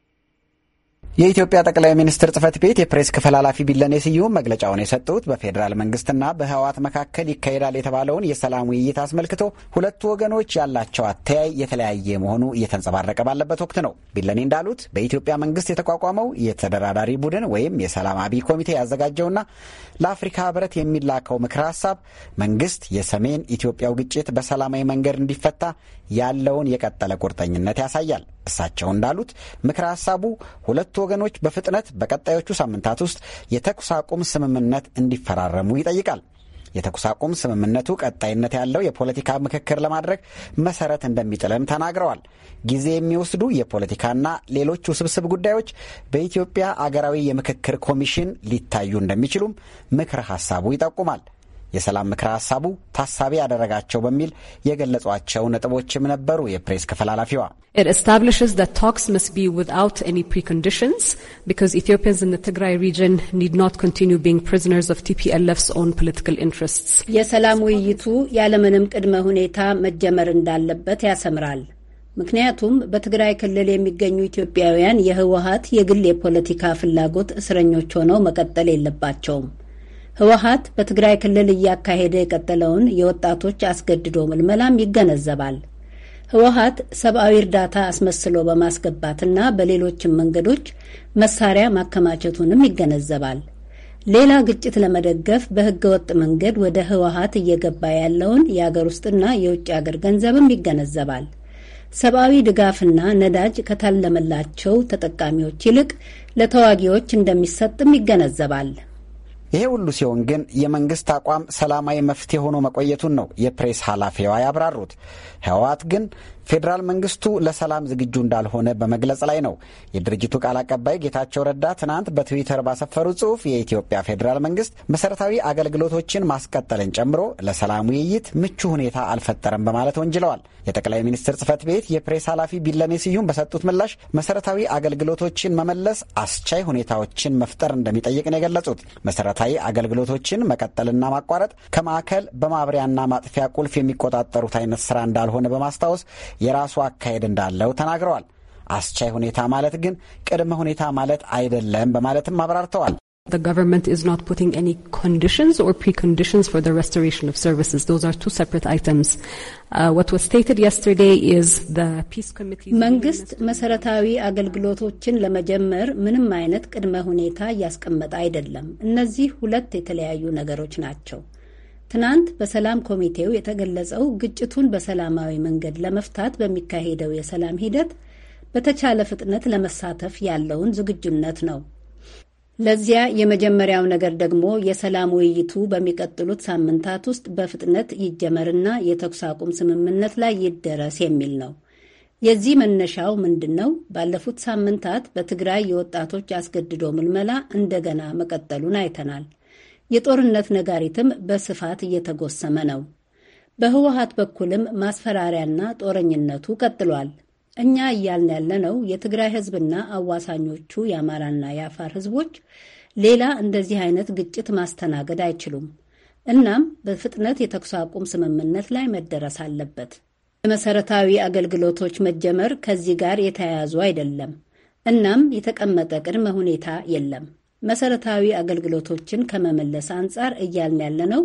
የኢትዮጵያ ጠቅላይ ሚኒስትር ጽህፈት ቤት የፕሬስ ክፍል ኃላፊ ቢለኔ ስዩም መግለጫውን የሰጡት በፌዴራል መንግስትና በህወሓት መካከል ይካሄዳል የተባለውን የሰላም ውይይት አስመልክቶ ሁለቱ ወገኖች ያላቸው አተያይ የተለያየ መሆኑ እየተንጸባረቀ ባለበት ወቅት ነው። ቢለኔ እንዳሉት በኢትዮጵያ መንግስት የተቋቋመው የተደራዳሪ ቡድን ወይም የሰላም አብይ ኮሚቴ ያዘጋጀውና ለአፍሪካ ህብረት የሚላከው ምክረ ሀሳብ መንግስት የሰሜን ኢትዮጵያው ግጭት በሰላማዊ መንገድ እንዲፈታ ያለውን የቀጠለ ቁርጠኝነት ያሳያል። እሳቸው እንዳሉት ምክረ ሀሳቡ ሁለቱ ወገኖች በፍጥነት በቀጣዮቹ ሳምንታት ውስጥ የተኩስ አቁም ስምምነት እንዲፈራረሙ ይጠይቃል። የተኩስ አቁም ስምምነቱ ቀጣይነት ያለው የፖለቲካ ምክክር ለማድረግ መሰረት እንደሚጥልም ተናግረዋል። ጊዜ የሚወስዱ የፖለቲካና ሌሎች ውስብስብ ጉዳዮች በኢትዮጵያ አገራዊ የምክክር ኮሚሽን ሊታዩ እንደሚችሉም ምክረ ሀሳቡ ይጠቁማል። የሰላም ምክረ ሀሳቡ ታሳቢ ያደረጋቸው በሚል የገለጿቸው ነጥቦችም ነበሩ። የፕሬስ ክፍል ኃላፊዋ የሰላም ውይይቱ ያለምንም ቅድመ ሁኔታ መጀመር እንዳለበት ያሰምራል። ምክንያቱም በትግራይ ክልል የሚገኙ ኢትዮጵያውያን የህወሀት የግል የፖለቲካ ፍላጎት እስረኞች ሆነው መቀጠል የለባቸውም። ህወሀት በትግራይ ክልል እያካሄደ የቀጠለውን የወጣቶች አስገድዶ ምልመላም ይገነዘባል። ህወሀት ሰብአዊ እርዳታ አስመስሎ በማስገባትና በሌሎችም መንገዶች መሳሪያ ማከማቸቱንም ይገነዘባል። ሌላ ግጭት ለመደገፍ በህገወጥ መንገድ ወደ ህወሀት እየገባ ያለውን የአገር ውስጥና የውጭ አገር ገንዘብም ይገነዘባል። ሰብአዊ ድጋፍና ነዳጅ ከታለመላቸው ተጠቃሚዎች ይልቅ ለተዋጊዎች እንደሚሰጥም ይገነዘባል። ይሄ ሁሉ ሲሆን ግን የመንግስት አቋም ሰላማዊ መፍትሄ ሆኖ መቆየቱን ነው የፕሬስ ኃላፊዋ ያብራሩት። ህወሓት ግን ፌዴራል መንግስቱ ለሰላም ዝግጁ እንዳልሆነ በመግለጽ ላይ ነው። የድርጅቱ ቃል አቀባይ ጌታቸው ረዳ ትናንት በትዊተር ባሰፈሩ ጽሑፍ የኢትዮጵያ ፌዴራል መንግስት መሰረታዊ አገልግሎቶችን ማስቀጠልን ጨምሮ ለሰላም ውይይት ምቹ ሁኔታ አልፈጠረም በማለት ወንጅለዋል። የጠቅላይ ሚኒስትር ጽህፈት ቤት የፕሬስ ኃላፊ ቢለኔ ስዩም በሰጡት ምላሽ መሰረታዊ አገልግሎቶችን መመለስ አስቻይ ሁኔታዎችን መፍጠር እንደሚጠይቅ ነው የገለጹት። መሰረታዊ አገልግሎቶችን መቀጠልና ማቋረጥ ከማዕከል በማብሪያና ማጥፊያ ቁልፍ የሚቆጣጠሩት አይነት ስራ እንዳልሆነ በማስታወስ የራሱ አካሄድ እንዳለው ተናግረዋል። አስቻይ ሁኔታ ማለት ግን ቅድመ ሁኔታ ማለት አይደለም በማለትም አብራርተዋል። The government is not putting any conditions or preconditions for the restoration of services. Those are two separate items. Uh, what was stated yesterday is the peace committee. መንግስት መሰረታዊ አገልግሎቶችን ለመጀመር ምንም አይነት ቅድመ ሁኔታ እያስቀመጠ አይደለም። እነዚህ ሁለት የተለያዩ ነገሮች ናቸው። ትናንት በሰላም ኮሚቴው የተገለጸው ግጭቱን በሰላማዊ መንገድ ለመፍታት በሚካሄደው የሰላም ሂደት በተቻለ ፍጥነት ለመሳተፍ ያለውን ዝግጁነት ነው። ለዚያ የመጀመሪያው ነገር ደግሞ የሰላም ውይይቱ በሚቀጥሉት ሳምንታት ውስጥ በፍጥነት ይጀመርና የተኩስ አቁም ስምምነት ላይ ይደረስ የሚል ነው። የዚህ መነሻው ምንድን ነው? ባለፉት ሳምንታት በትግራይ የወጣቶች አስገድዶ ምልመላ እንደገና መቀጠሉን አይተናል። የጦርነት ነጋሪትም በስፋት እየተጎሰመ ነው። በህወሀት በኩልም ማስፈራሪያና ጦረኝነቱ ቀጥሏል። እኛ እያልን ያለነው የትግራይ ህዝብና አዋሳኞቹ የአማራና የአፋር ህዝቦች ሌላ እንደዚህ አይነት ግጭት ማስተናገድ አይችሉም። እናም በፍጥነት የተኩስ አቁም ስምምነት ላይ መደረስ አለበት። የመሰረታዊ አገልግሎቶች መጀመር ከዚህ ጋር የተያያዙ አይደለም። እናም የተቀመጠ ቅድመ ሁኔታ የለም። መሰረታዊ አገልግሎቶችን ከመመለስ አንጻር እያልን ያለነው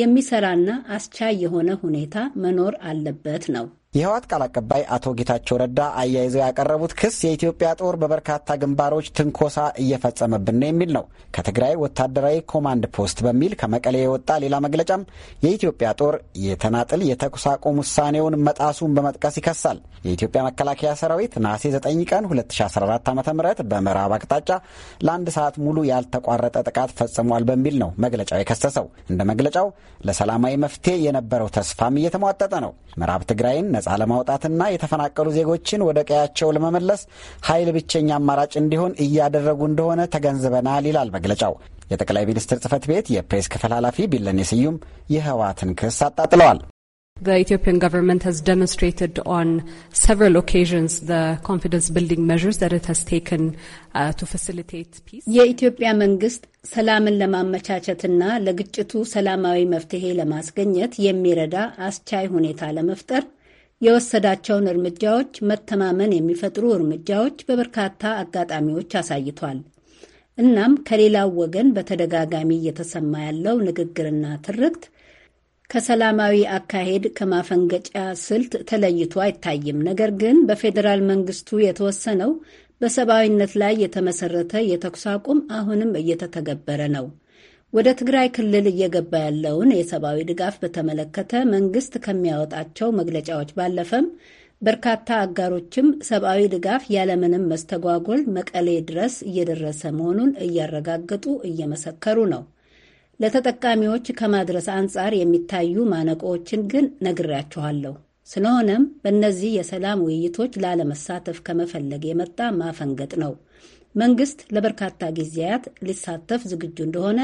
የሚሰራና አስቻይ የሆነ ሁኔታ መኖር አለበት ነው የህወሓት ቃል አቀባይ አቶ ጌታቸው ረዳ አያይዘው ያቀረቡት ክስ የኢትዮጵያ ጦር በበርካታ ግንባሮች ትንኮሳ እየፈጸመብን ነው የሚል ነው። ከትግራይ ወታደራዊ ኮማንድ ፖስት በሚል ከመቀሌ የወጣ ሌላ መግለጫም የኢትዮጵያ ጦር የተናጥል የተኩስ አቁም ውሳኔውን መጣሱን በመጥቀስ ይከሳል። የኢትዮጵያ መከላከያ ሰራዊት ነሐሴ 9 ቀን 2014 ዓ ም በምዕራብ አቅጣጫ ለአንድ ሰዓት ሙሉ ያልተቋረጠ ጥቃት ፈጽሟል በሚል ነው መግለጫው የከሰሰው። እንደ መግለጫው ለሰላማዊ መፍትሄ የነበረው ተስፋም እየተሟጠጠ ነው። ምዕራብ ትግራይን ነጻ ለማውጣትና የተፈናቀሉ ዜጎችን ወደ ቀያቸው ለመመለስ ኃይል ብቸኛ አማራጭ እንዲሆን እያደረጉ እንደሆነ ተገንዝበናል ይላል መግለጫው። የጠቅላይ ሚኒስትር ጽህፈት ቤት የፕሬስ ክፍል ኃላፊ ቢለኔ ስዩም የህወሓትን ክስ አጣጥለዋል። The Ethiopian government has demonstrated on several occasions the confidence building measures that it has taken uh, to facilitate peace. የኢትዮጵያ መንግስት ሰላምን ለማመቻቸትና ለግጭቱ ሰላማዊ መፍትሄ ለማስገኘት የሚረዳ አስቻይ ሁኔታ ለመፍጠር የወሰዳቸውን እርምጃዎች መተማመን የሚፈጥሩ እርምጃዎች በበርካታ አጋጣሚዎች አሳይቷል። እናም ከሌላው ወገን በተደጋጋሚ እየተሰማ ያለው ንግግርና ትርክት ከሰላማዊ አካሄድ ከማፈንገጫ ስልት ተለይቶ አይታይም። ነገር ግን በፌዴራል መንግስቱ የተወሰነው በሰብአዊነት ላይ የተመሰረተ የተኩስ አቁም አሁንም እየተተገበረ ነው። ወደ ትግራይ ክልል እየገባ ያለውን የሰብአዊ ድጋፍ በተመለከተ መንግስት ከሚያወጣቸው መግለጫዎች ባለፈም በርካታ አጋሮችም ሰብአዊ ድጋፍ ያለምንም መስተጓጎል መቀሌ ድረስ እየደረሰ መሆኑን እያረጋገጡ እየመሰከሩ ነው። ለተጠቃሚዎች ከማድረስ አንጻር የሚታዩ ማነቆዎችን ግን ነግሬያችኋለሁ። ስለሆነም በእነዚህ የሰላም ውይይቶች ላለመሳተፍ ከመፈለግ የመጣ ማፈንገጥ ነው። መንግስት ለበርካታ ጊዜያት ሊሳተፍ ዝግጁ እንደሆነ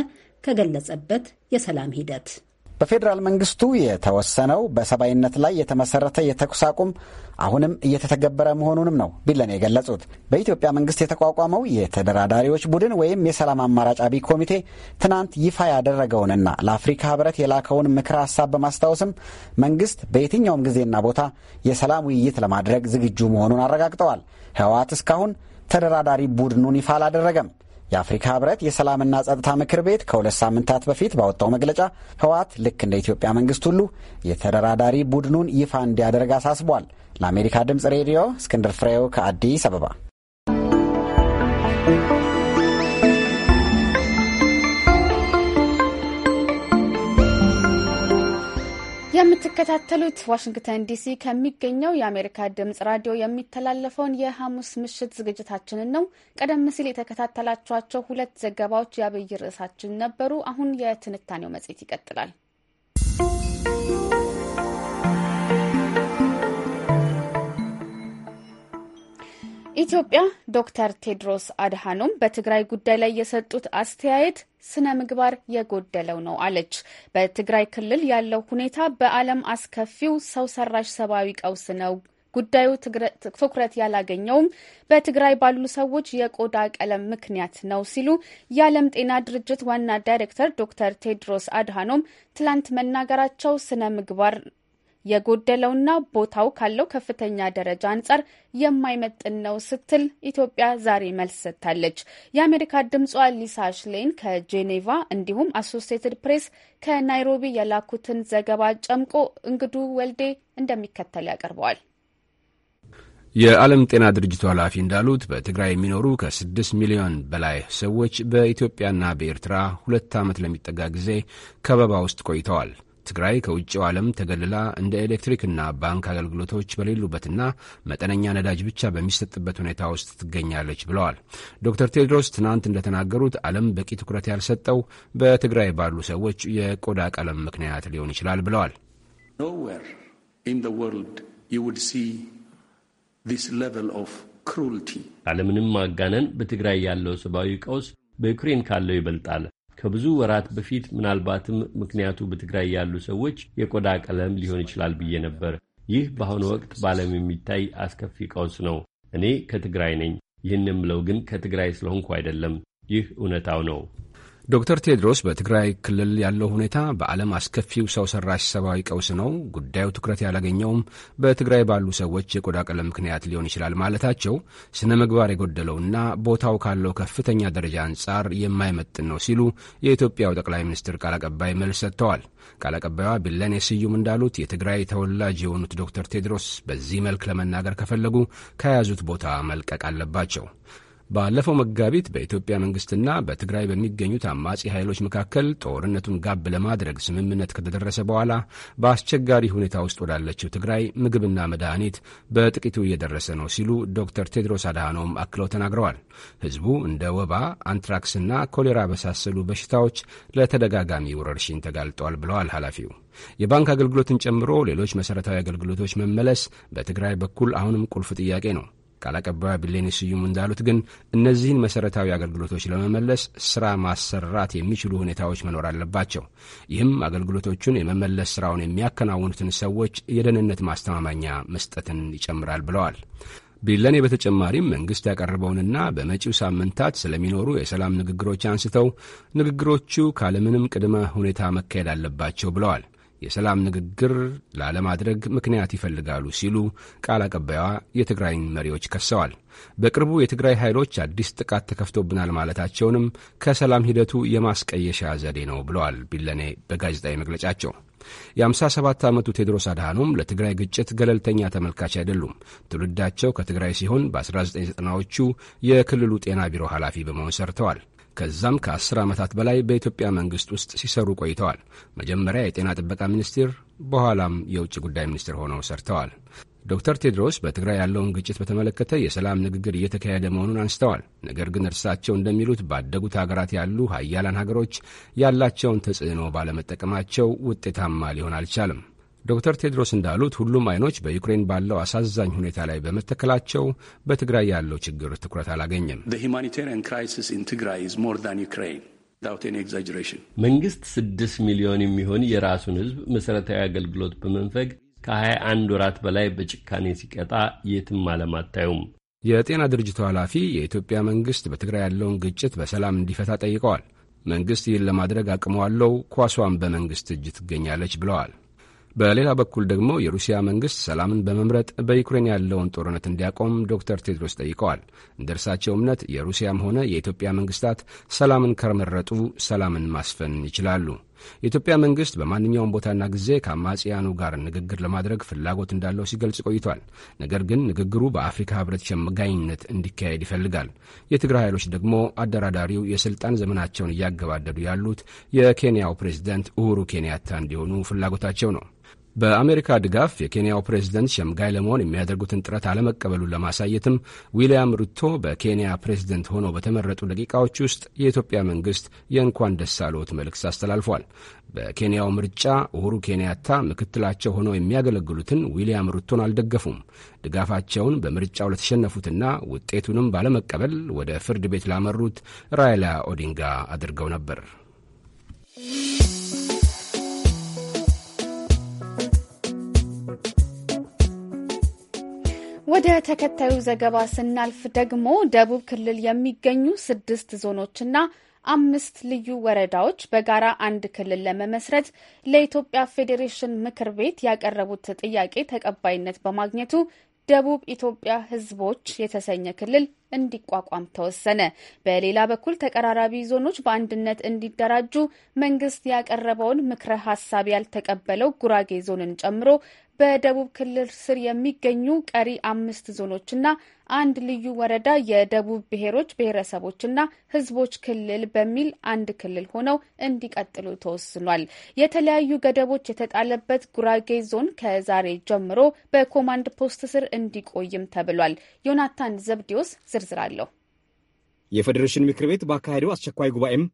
ከገለጸበት የሰላም ሂደት በፌዴራል መንግስቱ የተወሰነው በሰብአዊነት ላይ የተመሰረተ የተኩስ አቁም አሁንም እየተተገበረ መሆኑንም ነው ቢለን የገለጹት። በኢትዮጵያ መንግስት የተቋቋመው የተደራዳሪዎች ቡድን ወይም የሰላም አማራጭ አብይ ኮሚቴ ትናንት ይፋ ያደረገውንና ለአፍሪካ ህብረት የላከውን ምክረ ሀሳብ በማስታወስም መንግስት በየትኛውም ጊዜና ቦታ የሰላም ውይይት ለማድረግ ዝግጁ መሆኑን አረጋግጠዋል። ህወሓት እስካሁን ተደራዳሪ ቡድኑን ይፋ አላደረገም። የአፍሪካ ህብረት የሰላምና ጸጥታ ምክር ቤት ከሁለት ሳምንታት በፊት ባወጣው መግለጫ ህወሓት ልክ እንደ ኢትዮጵያ መንግስት ሁሉ የተደራዳሪ ቡድኑን ይፋ እንዲያደርግ አሳስቧል። ለአሜሪካ ድምፅ ሬዲዮ እስክንድር ፍሬው ከአዲስ አበባ የምትከታተሉት ዋሽንግተን ዲሲ ከሚገኘው የአሜሪካ ድምጽ ራዲዮ የሚተላለፈውን የሐሙስ ምሽት ዝግጅታችንን ነው። ቀደም ሲል የተከታተላችኋቸው ሁለት ዘገባዎች የአብይ ርዕሳችን ነበሩ። አሁን የትንታኔው መጽሔት ይቀጥላል። ኢትዮጵያ ዶክተር ቴድሮስ አድሃኖም በትግራይ ጉዳይ ላይ የሰጡት አስተያየት ስነ ምግባር የጎደለው ነው አለች። በትግራይ ክልል ያለው ሁኔታ በዓለም አስከፊው ሰው ሰራሽ ሰብአዊ ቀውስ ነው። ጉዳዩ ትኩረት ያላገኘውም በትግራይ ባሉ ሰዎች የቆዳ ቀለም ምክንያት ነው ሲሉ የዓለም ጤና ድርጅት ዋና ዳይሬክተር ዶክተር ቴድሮስ አድሃኖም ትላንት መናገራቸው ስነ ምግባር የጎደለውና ቦታው ካለው ከፍተኛ ደረጃ አንጻር የማይመጥን ነው ስትል ኢትዮጵያ ዛሬ መልስ ሰጥታለች። የአሜሪካ ድምጿ ሊሳ ሽሌን ከጄኔቫ እንዲሁም አሶሲየትድ ፕሬስ ከናይሮቢ የላኩትን ዘገባ ጨምቆ እንግዱ ወልዴ እንደሚከተል ያቀርበዋል። የዓለም ጤና ድርጅቱ ኃላፊ እንዳሉት በትግራይ የሚኖሩ ከ ከ6 ሚሊዮን በላይ ሰዎች በኢትዮጵያና በኤርትራ ሁለት ዓመት ለሚጠጋ ጊዜ ከበባ ውስጥ ቆይተዋል። ትግራይ ከውጭው ዓለም ተገልላ እንደ ኤሌክትሪክና ባንክ አገልግሎቶች በሌሉበትና መጠነኛ ነዳጅ ብቻ በሚሰጥበት ሁኔታ ውስጥ ትገኛለች ብለዋል። ዶክተር ቴድሮስ ትናንት እንደተናገሩት ዓለም በቂ ትኩረት ያልሰጠው በትግራይ ባሉ ሰዎች የቆዳ ቀለም ምክንያት ሊሆን ይችላል ብለዋል። አለምንም ማጋነን በትግራይ ያለው ሰብአዊ ቀውስ በዩክሬን ካለው ይበልጣል። ከብዙ ወራት በፊት ምናልባትም ምክንያቱ በትግራይ ያሉ ሰዎች የቆዳ ቀለም ሊሆን ይችላል ብዬ ነበር። ይህ በአሁኑ ወቅት በዓለም የሚታይ አስከፊ ቀውስ ነው። እኔ ከትግራይ ነኝ። ይህን የምለው ግን ከትግራይ ስለሆንኩ አይደለም። ይህ እውነታው ነው። ዶክተር ቴድሮስ በትግራይ ክልል ያለው ሁኔታ በዓለም አስከፊው ሰው ሰራሽ ሰብአዊ ቀውስ ነው፣ ጉዳዩ ትኩረት ያላገኘውም በትግራይ ባሉ ሰዎች የቆዳ ቀለም ምክንያት ሊሆን ይችላል ማለታቸው ስነ ምግባር የጎደለውና ቦታው ካለው ከፍተኛ ደረጃ አንጻር የማይመጥን ነው ሲሉ የኢትዮጵያው ጠቅላይ ሚኒስትር ቃል አቀባይ መልስ ሰጥተዋል። ቃል አቀባይዋ ቢለኔ ስዩም እንዳሉት የትግራይ ተወላጅ የሆኑት ዶክተር ቴድሮስ በዚህ መልክ ለመናገር ከፈለጉ ከያዙት ቦታ መልቀቅ አለባቸው። ባለፈው መጋቢት በኢትዮጵያ መንግስትና በትግራይ በሚገኙት አማጺ ኃይሎች መካከል ጦርነቱን ጋብ ለማድረግ ስምምነት ከተደረሰ በኋላ በአስቸጋሪ ሁኔታ ውስጥ ወዳለችው ትግራይ ምግብና መድኃኒት በጥቂቱ እየደረሰ ነው ሲሉ ዶክተር ቴድሮስ አድሃኖም አክለው ተናግረዋል። ህዝቡ እንደ ወባ፣ አንትራክስና ኮሌራ በሳሰሉ በሽታዎች ለተደጋጋሚ ወረርሽኝ ተጋልጧል ብለዋል ኃላፊው። የባንክ አገልግሎትን ጨምሮ ሌሎች መሠረታዊ አገልግሎቶች መመለስ በትግራይ በኩል አሁንም ቁልፍ ጥያቄ ነው። ቃል አቀባዩ ቢሌኒ ስዩም እንዳሉት ግን እነዚህን መሠረታዊ አገልግሎቶች ለመመለስ ሥራ ማሰራት የሚችሉ ሁኔታዎች መኖር አለባቸው። ይህም አገልግሎቶቹን የመመለስ ሥራውን የሚያከናውኑትን ሰዎች የደህንነት ማስተማማኛ መስጠትን ይጨምራል ብለዋል። ቢለኔ በተጨማሪም መንግሥት ያቀረበውንና በመጪው ሳምንታት ስለሚኖሩ የሰላም ንግግሮች አንስተው ንግግሮቹ ካለምንም ቅድመ ሁኔታ መካሄድ አለባቸው ብለዋል። የሰላም ንግግር ላለማድረግ ምክንያት ይፈልጋሉ ሲሉ ቃል አቀባይዋ የትግራይ መሪዎች ከሰዋል። በቅርቡ የትግራይ ኃይሎች አዲስ ጥቃት ተከፍቶብናል ማለታቸውንም ከሰላም ሂደቱ የማስቀየሻ ዘዴ ነው ብለዋል ቢለኔ በጋዜጣዊ መግለጫቸው። የ57 ዓመቱ ቴድሮስ አድሃኖም ለትግራይ ግጭት ገለልተኛ ተመልካች አይደሉም። ትውልዳቸው ከትግራይ ሲሆን በ1990ዎቹ የክልሉ ጤና ቢሮ ኃላፊ በመሆን ሰርተዋል። ከዛም ከአስር ዓመታት በላይ በኢትዮጵያ መንግሥት ውስጥ ሲሰሩ ቆይተዋል። መጀመሪያ የጤና ጥበቃ ሚኒስትር፣ በኋላም የውጭ ጉዳይ ሚኒስትር ሆነው ሰርተዋል። ዶክተር ቴድሮስ በትግራይ ያለውን ግጭት በተመለከተ የሰላም ንግግር እየተካሄደ መሆኑን አንስተዋል። ነገር ግን እርሳቸው እንደሚሉት ባደጉት ሀገራት ያሉ ሀያላን ሀገሮች ያላቸውን ተጽዕኖ ባለመጠቀማቸው ውጤታማ ሊሆን አልቻለም። ዶክተር ቴድሮስ እንዳሉት ሁሉም አይኖች በዩክሬን ባለው አሳዛኝ ሁኔታ ላይ በመተከላቸው በትግራይ ያለው ችግር ትኩረት አላገኘም። መንግስት ስድስት ሚሊዮን የሚሆን የራሱን ህዝብ መሠረታዊ አገልግሎት በመንፈግ ከ21 ወራት በላይ በጭካኔ ሲቀጣ የትም ዓለም አታዩም። የጤና ድርጅቱ ኃላፊ የኢትዮጵያ መንግሥት በትግራይ ያለውን ግጭት በሰላም እንዲፈታ ጠይቀዋል። መንግሥት ይህን ለማድረግ አቅመዋለው፣ አለው፣ ኳሷን በመንግሥት እጅ ትገኛለች ብለዋል። በሌላ በኩል ደግሞ የሩሲያ መንግስት ሰላምን በመምረጥ በዩክሬን ያለውን ጦርነት እንዲያቆም ዶክተር ቴድሮስ ጠይቀዋል። እንደ እርሳቸው እምነት የሩሲያም ሆነ የኢትዮጵያ መንግስታት ሰላምን ከመረጡ ሰላምን ማስፈን ይችላሉ። የኢትዮጵያ መንግስት በማንኛውም ቦታና ጊዜ ከአማጽያኑ ጋር ንግግር ለማድረግ ፍላጎት እንዳለው ሲገልጽ ቆይቷል። ነገር ግን ንግግሩ በአፍሪካ ህብረት ሸመጋኝነት እንዲካሄድ ይፈልጋል። የትግራይ ኃይሎች ደግሞ አደራዳሪው የሥልጣን ዘመናቸውን እያገባደዱ ያሉት የኬንያው ፕሬዝደንት ኡሁሩ ኬንያታ እንዲሆኑ ፍላጎታቸው ነው። በአሜሪካ ድጋፍ የኬንያው ፕሬዝደንት ሸምጋይ ለመሆን የሚያደርጉትን ጥረት አለመቀበሉን ለማሳየትም ዊልያም ሩቶ በኬንያ ፕሬዝደንት ሆነው በተመረጡ ደቂቃዎች ውስጥ የኢትዮጵያ መንግስት የእንኳን ደስ አለዎት መልእክት አስተላልፏል። በኬንያው ምርጫ ኡሁሩ ኬንያታ ምክትላቸው ሆነው የሚያገለግሉትን ዊልያም ሩቶን አልደገፉም። ድጋፋቸውን በምርጫው ለተሸነፉትና ውጤቱንም ባለመቀበል ወደ ፍርድ ቤት ላመሩት ራይላ ኦዲንጋ አድርገው ነበር። ወደ ተከታዩ ዘገባ ስናልፍ ደግሞ ደቡብ ክልል የሚገኙ ስድስት ዞኖችና አምስት ልዩ ወረዳዎች በጋራ አንድ ክልል ለመመስረት ለኢትዮጵያ ፌዴሬሽን ምክር ቤት ያቀረቡት ጥያቄ ተቀባይነት በማግኘቱ ደቡብ ኢትዮጵያ ሕዝቦች የተሰኘ ክልል እንዲቋቋም ተወሰነ። በሌላ በኩል ተቀራራቢ ዞኖች በአንድነት እንዲደራጁ መንግስት ያቀረበውን ምክረ ሀሳብ ያልተቀበለው ጉራጌ ዞንን ጨምሮ በደቡብ ክልል ስር የሚገኙ ቀሪ አምስት ዞኖችና አንድ ልዩ ወረዳ የደቡብ ብሔሮች ብሔረሰቦችና ሕዝቦች ክልል በሚል አንድ ክልል ሆነው እንዲቀጥሉ ተወስኗል። የተለያዩ ገደቦች የተጣለበት ጉራጌ ዞን ከዛሬ ጀምሮ በኮማንድ ፖስት ስር እንዲቆይም ተብሏል። ዮናታን ዘብዲዮስ ዝርዝር አለው። የፌዴሬሽን ምክር ቤት ባካሄደው አስቸኳይ ጉባኤም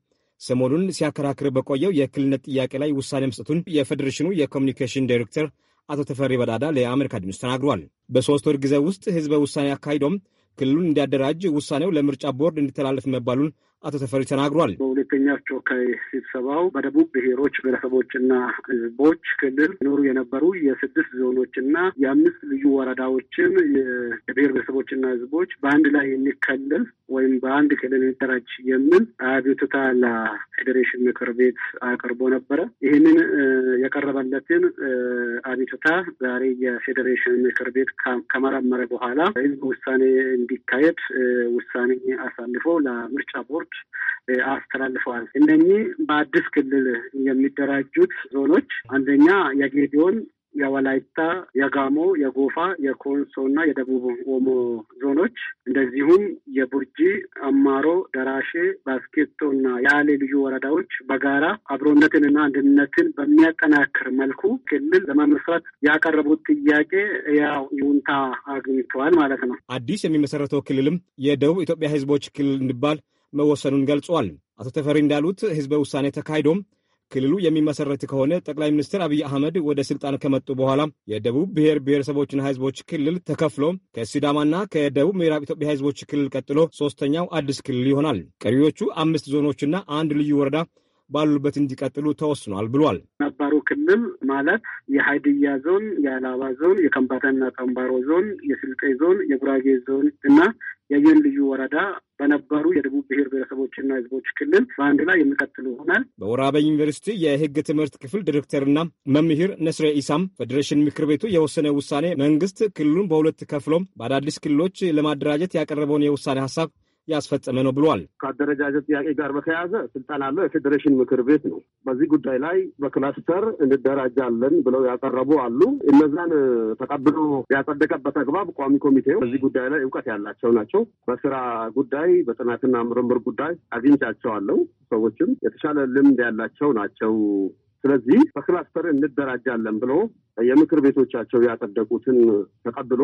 ሰሞኑን ሲያከራክር በቆየው የክልልነት ጥያቄ ላይ ውሳኔ መስጠቱን የፌዴሬሽኑ የኮሚኒኬሽን ዳይሬክተር አቶ ተፈሪ በዳዳ ለአሜሪካ ድምፅ ተናግሯል። በሶስት ወር ጊዜ ውስጥ ህዝበ ውሳኔ አካሂዶም ክልሉን እንዲያደራጅ ውሳኔው ለምርጫ ቦርድ እንዲተላለፍ መባሉን አቶ ተፈሪ ተናግሯል። በሁለተኛው ቾካይ ስብሰባው በደቡብ ብሔሮች ብሔረሰቦችና ህዝቦች ክልል ይኖሩ የነበሩ የስድስት ዞኖችና የአምስት ልዩ ወረዳዎችን የብሔር ብሔረሰቦችና ህዝቦች በአንድ ላይ የሚከልል ወይም በአንድ ክልል የሚደራጅ የሚል አቤቱታ ለፌዴሬሽን ምክር ቤት አቅርቦ ነበረ። ይህንን የቀረበለትን አቤቱታ ዛሬ የፌዴሬሽን ምክር ቤት ከመረመረ በኋላ ህዝብ ውሳኔ እንዲካሄድ ውሳኔ አሳልፎ ለምርጫ ቦርድ ሪፖርት አስተላልፈዋል። እነኚህ በአዲስ ክልል የሚደራጁት ዞኖች አንደኛ የጌዲዮን የወላይታ፣ የጋሞ፣ የጎፋ፣ የኮንሶ እና የደቡብ ኦሞ ዞኖች እንደዚሁም የቡርጂ፣ አማሮ፣ ደራሼ፣ ባስኬቶ እና የአሌ ልዩ ወረዳዎች በጋራ አብሮነትንና አንድነትን በሚያጠናክር መልኩ ክልል ለመመስረት ያቀረቡት ጥያቄ ያው ይሁንታ አግኝተዋል ማለት ነው። አዲስ የሚመሰረተው ክልልም የደቡብ ኢትዮጵያ ሕዝቦች ክልል እንዲባል መወሰኑን ገልጿል። አቶ ተፈሪ እንዳሉት ህዝበ ውሳኔ ተካሂዶም ክልሉ የሚመሰረት ከሆነ ጠቅላይ ሚኒስትር አብይ አህመድ ወደ ስልጣን ከመጡ በኋላ የደቡብ ብሔር ብሔረሰቦችና ህዝቦች ክልል ተከፍሎ ከሲዳማና ከደቡብ ምዕራብ ኢትዮጵያ ህዝቦች ክልል ቀጥሎ ሶስተኛው አዲስ ክልል ይሆናል። ቀሪዎቹ አምስት ዞኖችና አንድ ልዩ ወረዳ ባሉበት እንዲቀጥሉ ተወስኗል ብሏል። ነባሩ ክልል ማለት የሀይድያ ዞን፣ የአላባ ዞን፣ የከምባታና ጠንባሮ ዞን፣ የስልጤ ዞን፣ የጉራጌ ዞን እና የየን ልዩ ወረዳ በነበሩ የደቡብ ብሔር ብሔረሰቦችና ህዝቦች ክልል በአንድ ላይ የሚቀጥሉ ይሆናል። በወራቤ ዩኒቨርሲቲ የህግ ትምህርት ክፍል ዲሬክተርና መምህር ነስሬ ኢሳም ፌዴሬሽን ምክር ቤቱ የወሰነ ውሳኔ መንግስት ክልሉን በሁለት ከፍሎ በአዳዲስ ክልሎች ለማደራጀት ያቀረበውን የውሳኔ ሀሳብ ያስፈጸመ ነው ብሏል። ከአደረጃጀት ጥያቄ ጋር በተያያዘ ስልጠና ያለው የፌዴሬሽን ምክር ቤት ነው። በዚህ ጉዳይ ላይ በክላስተር እንደራጃለን ብለው ያቀረቡ አሉ። እነዛን ተቀብሎ ያጸደቀበት አግባብ ቋሚ ኮሚቴው በዚህ ጉዳይ ላይ እውቀት ያላቸው ናቸው። በስራ ጉዳይ፣ በጥናትና ምርምር ጉዳይ አግኝቻቸዋለሁ። ሰዎችም የተሻለ ልምድ ያላቸው ናቸው። ስለዚህ በክላስተር እንደራጃለን ብሎ የምክር ቤቶቻቸው ያጸደቁትን ተቀብሎ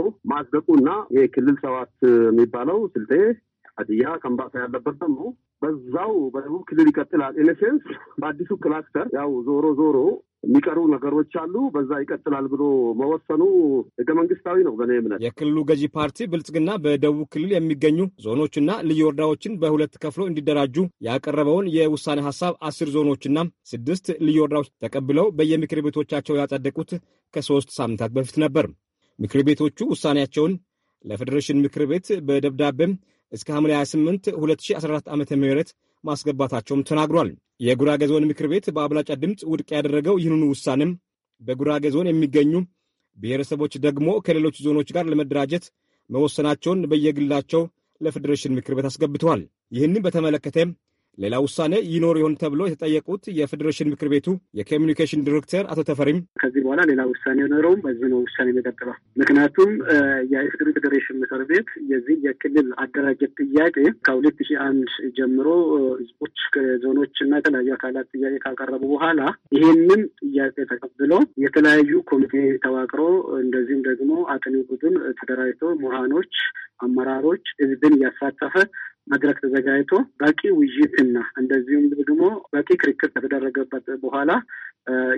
እና ይሄ ክልል ሰባት የሚባለው ስልጤ ሀዲያ ከምባታ ያለበት ደግሞ በዛው በደቡብ ክልል ይቀጥላል። ኢንሴንስ በአዲሱ ክላስተር ያው ዞሮ ዞሮ የሚቀሩ ነገሮች አሉ። በዛ ይቀጥላል ብሎ መወሰኑ ህገ መንግስታዊ ነው በእኔ እምነት። የክልሉ ገዢ ፓርቲ ብልጽግና በደቡብ ክልል የሚገኙ ዞኖችና ልዩ ወረዳዎችን በሁለት ከፍሎ እንዲደራጁ ያቀረበውን የውሳኔ ሀሳብ አስር ዞኖችና ስድስት ልዩ ወረዳዎች ተቀብለው በየምክር ቤቶቻቸው ያጸደቁት ከሶስት ሳምንታት በፊት ነበር። ምክር ቤቶቹ ውሳኔያቸውን ለፌዴሬሽን ምክር ቤት በደብዳቤም እስከ ሐምሌ 28 2014 ዓ ም ማስገባታቸውም ተናግሯል። የጉራጌ ዞን ምክር ቤት በአብላጫ ድምፅ ውድቅ ያደረገው ይህንኑ ውሳኔም በጉራጌ ዞን የሚገኙ ብሔረሰቦች ደግሞ ከሌሎች ዞኖች ጋር ለመደራጀት መወሰናቸውን በየግላቸው ለፌዴሬሽን ምክር ቤት አስገብተዋል። ይህንም በተመለከተ ሌላ ውሳኔ ይኖር ይሆን ተብሎ የተጠየቁት የፌዴሬሽን ምክር ቤቱ የኮሚኒኬሽን ዲሬክተር አቶ ተፈሪም ከዚህ በኋላ ሌላ ውሳኔ ኖረውም በዚህ ነው ውሳኔ የሚቀጥለው። ምክንያቱም የኢፌዴሪ ፌዴሬሽን ምክር ቤት የዚህ የክልል አደራጀት ጥያቄ ከሁለት ሺህ አንድ ጀምሮ ህዝቦች፣ ዞኖች እና የተለያዩ አካላት ጥያቄ ካቀረቡ በኋላ ይህንን ጥያቄ ተቀብሎ የተለያዩ ኮሚቴ ተዋቅሮ እንደዚሁም ደግሞ አጥኒ ቡድን ተደራጅቶ ሙሃኖች፣ አመራሮች፣ ህዝብን እያሳተፈ መድረክ ተዘጋጅቶ በቂ ውይይትና እንደዚሁም ደግሞ በቂ ክርክር ከተደረገበት በኋላ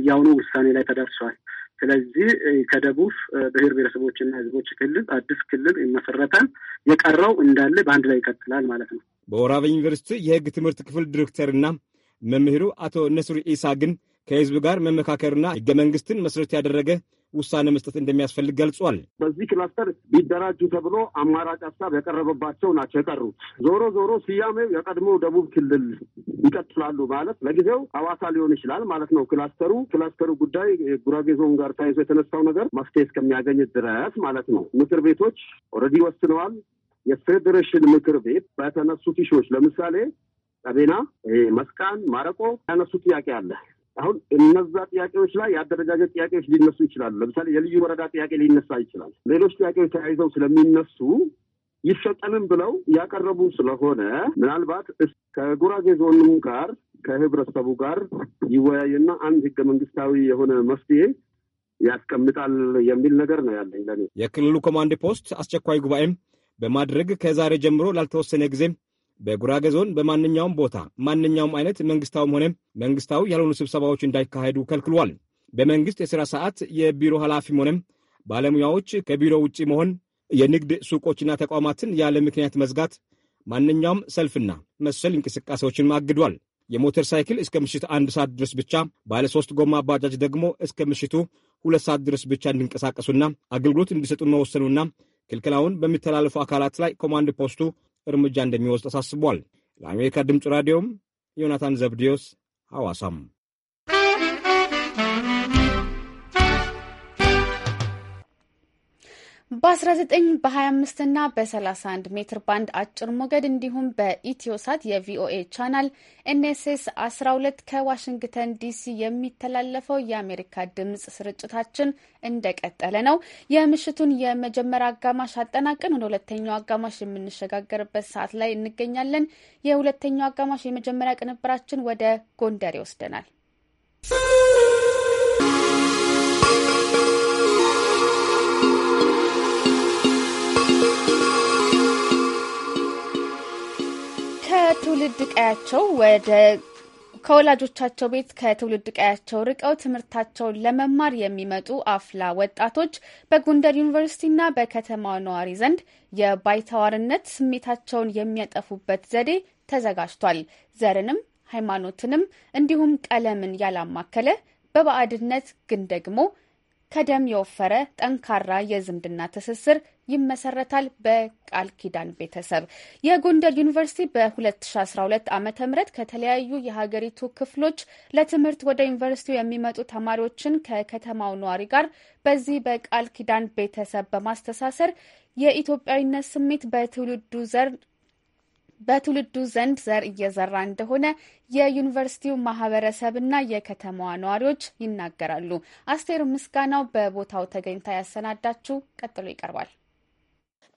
የአሁኑ ውሳኔ ላይ ተደርሷል። ስለዚህ ከደቡብ ብሔር ብሔረሰቦችና ሕዝቦች ክልል አዲስ ክልል ይመሰረታል። የቀረው እንዳለ በአንድ ላይ ይቀጥላል ማለት ነው። በወራቤ ዩኒቨርሲቲ የህግ ትምህርት ክፍል ዲሬክተርና መምህሩ አቶ ነስሩ ኢሳ ግን ከህዝብ ጋር መመካከርና ህገ መንግስትን መስረት ያደረገ ውሳኔ መስጠት እንደሚያስፈልግ ገልጿል። በዚህ ክላስተር ቢደራጁ ተብሎ አማራጭ ሀሳብ ያቀረበባቸው ናቸው የቀሩት። ዞሮ ዞሮ ስያሜው የቀድሞ ደቡብ ክልል ይቀጥላሉ ማለት ለጊዜው ሀዋሳ ሊሆን ይችላል ማለት ነው። ክላስተሩ ክላስተሩ ጉዳይ ጉራጌ ዞን ጋር ተያይዞ የተነሳው ነገር መፍትሄ እስከሚያገኝ ድረስ ማለት ነው። ምክር ቤቶች ኦልሬዲ ወስነዋል። የፌዴሬሽን ምክር ቤት በተነሱት ኢሹዎች ለምሳሌ ቀቤና፣ መስቃን፣ ማረቆ ያነሱ ጥያቄ አለ። አሁን እነዛ ጥያቄዎች ላይ የአደረጃጀት ጥያቄዎች ሊነሱ ይችላሉ። ለምሳሌ የልዩ ወረዳ ጥያቄ ሊነሳ ይችላል። ሌሎች ጥያቄዎች ተያይዘው ስለሚነሱ ይሰጠንም ብለው ያቀረቡ ስለሆነ ምናልባት ከጉራጌ ዞንም ጋር ከህብረተሰቡ ጋር ይወያይና አንድ ህገ መንግስታዊ የሆነ መፍትሄ ያስቀምጣል የሚል ነገር ነው ያለኝ ለኔ። የክልሉ ኮማንድ ፖስት አስቸኳይ ጉባኤም በማድረግ ከዛሬ ጀምሮ ላልተወሰነ ጊዜ በጉራጌ ዞን በማንኛውም ቦታ ማንኛውም አይነት መንግስታውም ሆነ መንግስታዊ ያልሆኑ ስብሰባዎች እንዳይካሄዱ ከልክሏል። በመንግስት የሥራ ሰዓት የቢሮ ኃላፊም ሆነም ባለሙያዎች ከቢሮ ውጭ መሆን፣ የንግድ ሱቆችና ተቋማትን ያለ ምክንያት መዝጋት፣ ማንኛውም ሰልፍና መሰል እንቅስቃሴዎችን አግዷል። የሞተር ሳይክል እስከ ምሽት አንድ ሰዓት ድረስ ብቻ፣ ባለ ሶስት ጎማ ባጃጅ ደግሞ እስከ ምሽቱ ሁለት ሰዓት ድረስ ብቻ እንዲንቀሳቀሱና አገልግሎት እንዲሰጡ መወሰኑና ክልክላውን በሚተላለፉ አካላት ላይ ኮማንድ ፖስቱ እርምጃ እንደሚወስድ አሳስቧል። ለአሜሪካ ድምፅ ራዲዮም ዮናታን ዘብዲዮስ ሐዋሳም በ19 በ25 እና በ31 ሜትር ባንድ አጭር ሞገድ እንዲሁም በኢትዮሳት የቪኦኤ ቻናል ኤንኤስኤስ 12 ከዋሽንግተን ዲሲ የሚተላለፈው የአሜሪካ ድምፅ ስርጭታችን እንደቀጠለ ነው። የምሽቱን የመጀመሪያ አጋማሽ አጠናቀን ወደ ሁለተኛው አጋማሽ የምንሸጋገርበት ሰዓት ላይ እንገኛለን። የሁለተኛው አጋማሽ የመጀመሪያ ቅንብራችን ወደ ጎንደር ይወስደናል። ከትውልድ ቀያቸው ወደ ከወላጆቻቸው ቤት ከትውልድ ቀያቸው ርቀው ትምህርታቸውን ለመማር የሚመጡ አፍላ ወጣቶች በጎንደር ዩኒቨርሲቲና በከተማ ነዋሪ ዘንድ የባይተዋርነት ስሜታቸውን የሚያጠፉበት ዘዴ ተዘጋጅቷል። ዘርንም ሃይማኖትንም እንዲሁም ቀለምን ያላማከለ በባዕድነት ግን ደግሞ ከደም የወፈረ ጠንካራ የዝምድና ትስስር ይመሰረታል በቃል ኪዳን ቤተሰብ። የጎንደር ዩኒቨርሲቲ በ2012 ዓ ም ከተለያዩ የሀገሪቱ ክፍሎች ለትምህርት ወደ ዩኒቨርሲቲው የሚመጡ ተማሪዎችን ከከተማው ነዋሪ ጋር በዚህ በቃል ኪዳን ቤተሰብ በማስተሳሰር የኢትዮጵያዊነት ስሜት በትውልዱ ዘር በትውልዱ ዘንድ ዘር እየዘራ እንደሆነ የዩኒቨርሲቲው ማህበረሰብና የከተማዋ ነዋሪዎች ይናገራሉ። አስቴር ምስጋናው በቦታው ተገኝታ ያሰናዳችው ቀጥሎ ይቀርባል።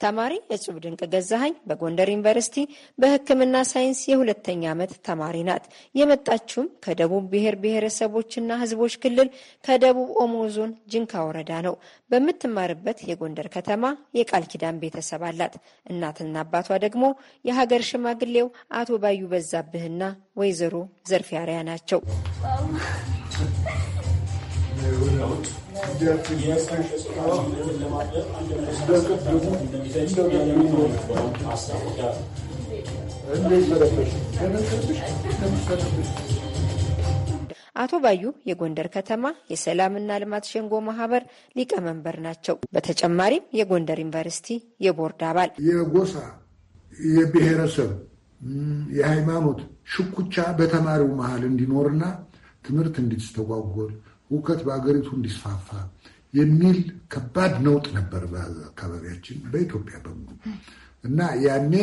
ተማሪ እጹብ ድንቅ ገዛኸኝ በጎንደር ዩኒቨርሲቲ በሕክምና ሳይንስ የሁለተኛ ዓመት ተማሪ ናት። የመጣችውም ከደቡብ ብሔር ብሔረሰቦችና ሕዝቦች ክልል ከደቡብ ኦሞ ዞን ጅንካ ወረዳ ነው። በምትማርበት የጎንደር ከተማ የቃል ኪዳን ቤተሰብ አላት። እናትና አባቷ ደግሞ የሀገር ሽማግሌው አቶ ባዩ በዛብህና ወይዘሮ ዘርፊያሪያ ናቸው። አቶ ባዩ የጎንደር ከተማ የሰላምና ልማት ሸንጎ ማህበር ሊቀመንበር ናቸው። በተጨማሪም የጎንደር ዩኒቨርሲቲ የቦርድ አባል። የጎሳ የብሔረሰብ የሃይማኖት ሽኩቻ በተማሪው መሀል እንዲኖርና ትምህርት እንዲስተጓጎል እውቀት በአገሪቱ እንዲስፋፋ የሚል ከባድ ነውጥ ነበር በአካባቢያችን በኢትዮጵያ በሙሉ እና ያኔ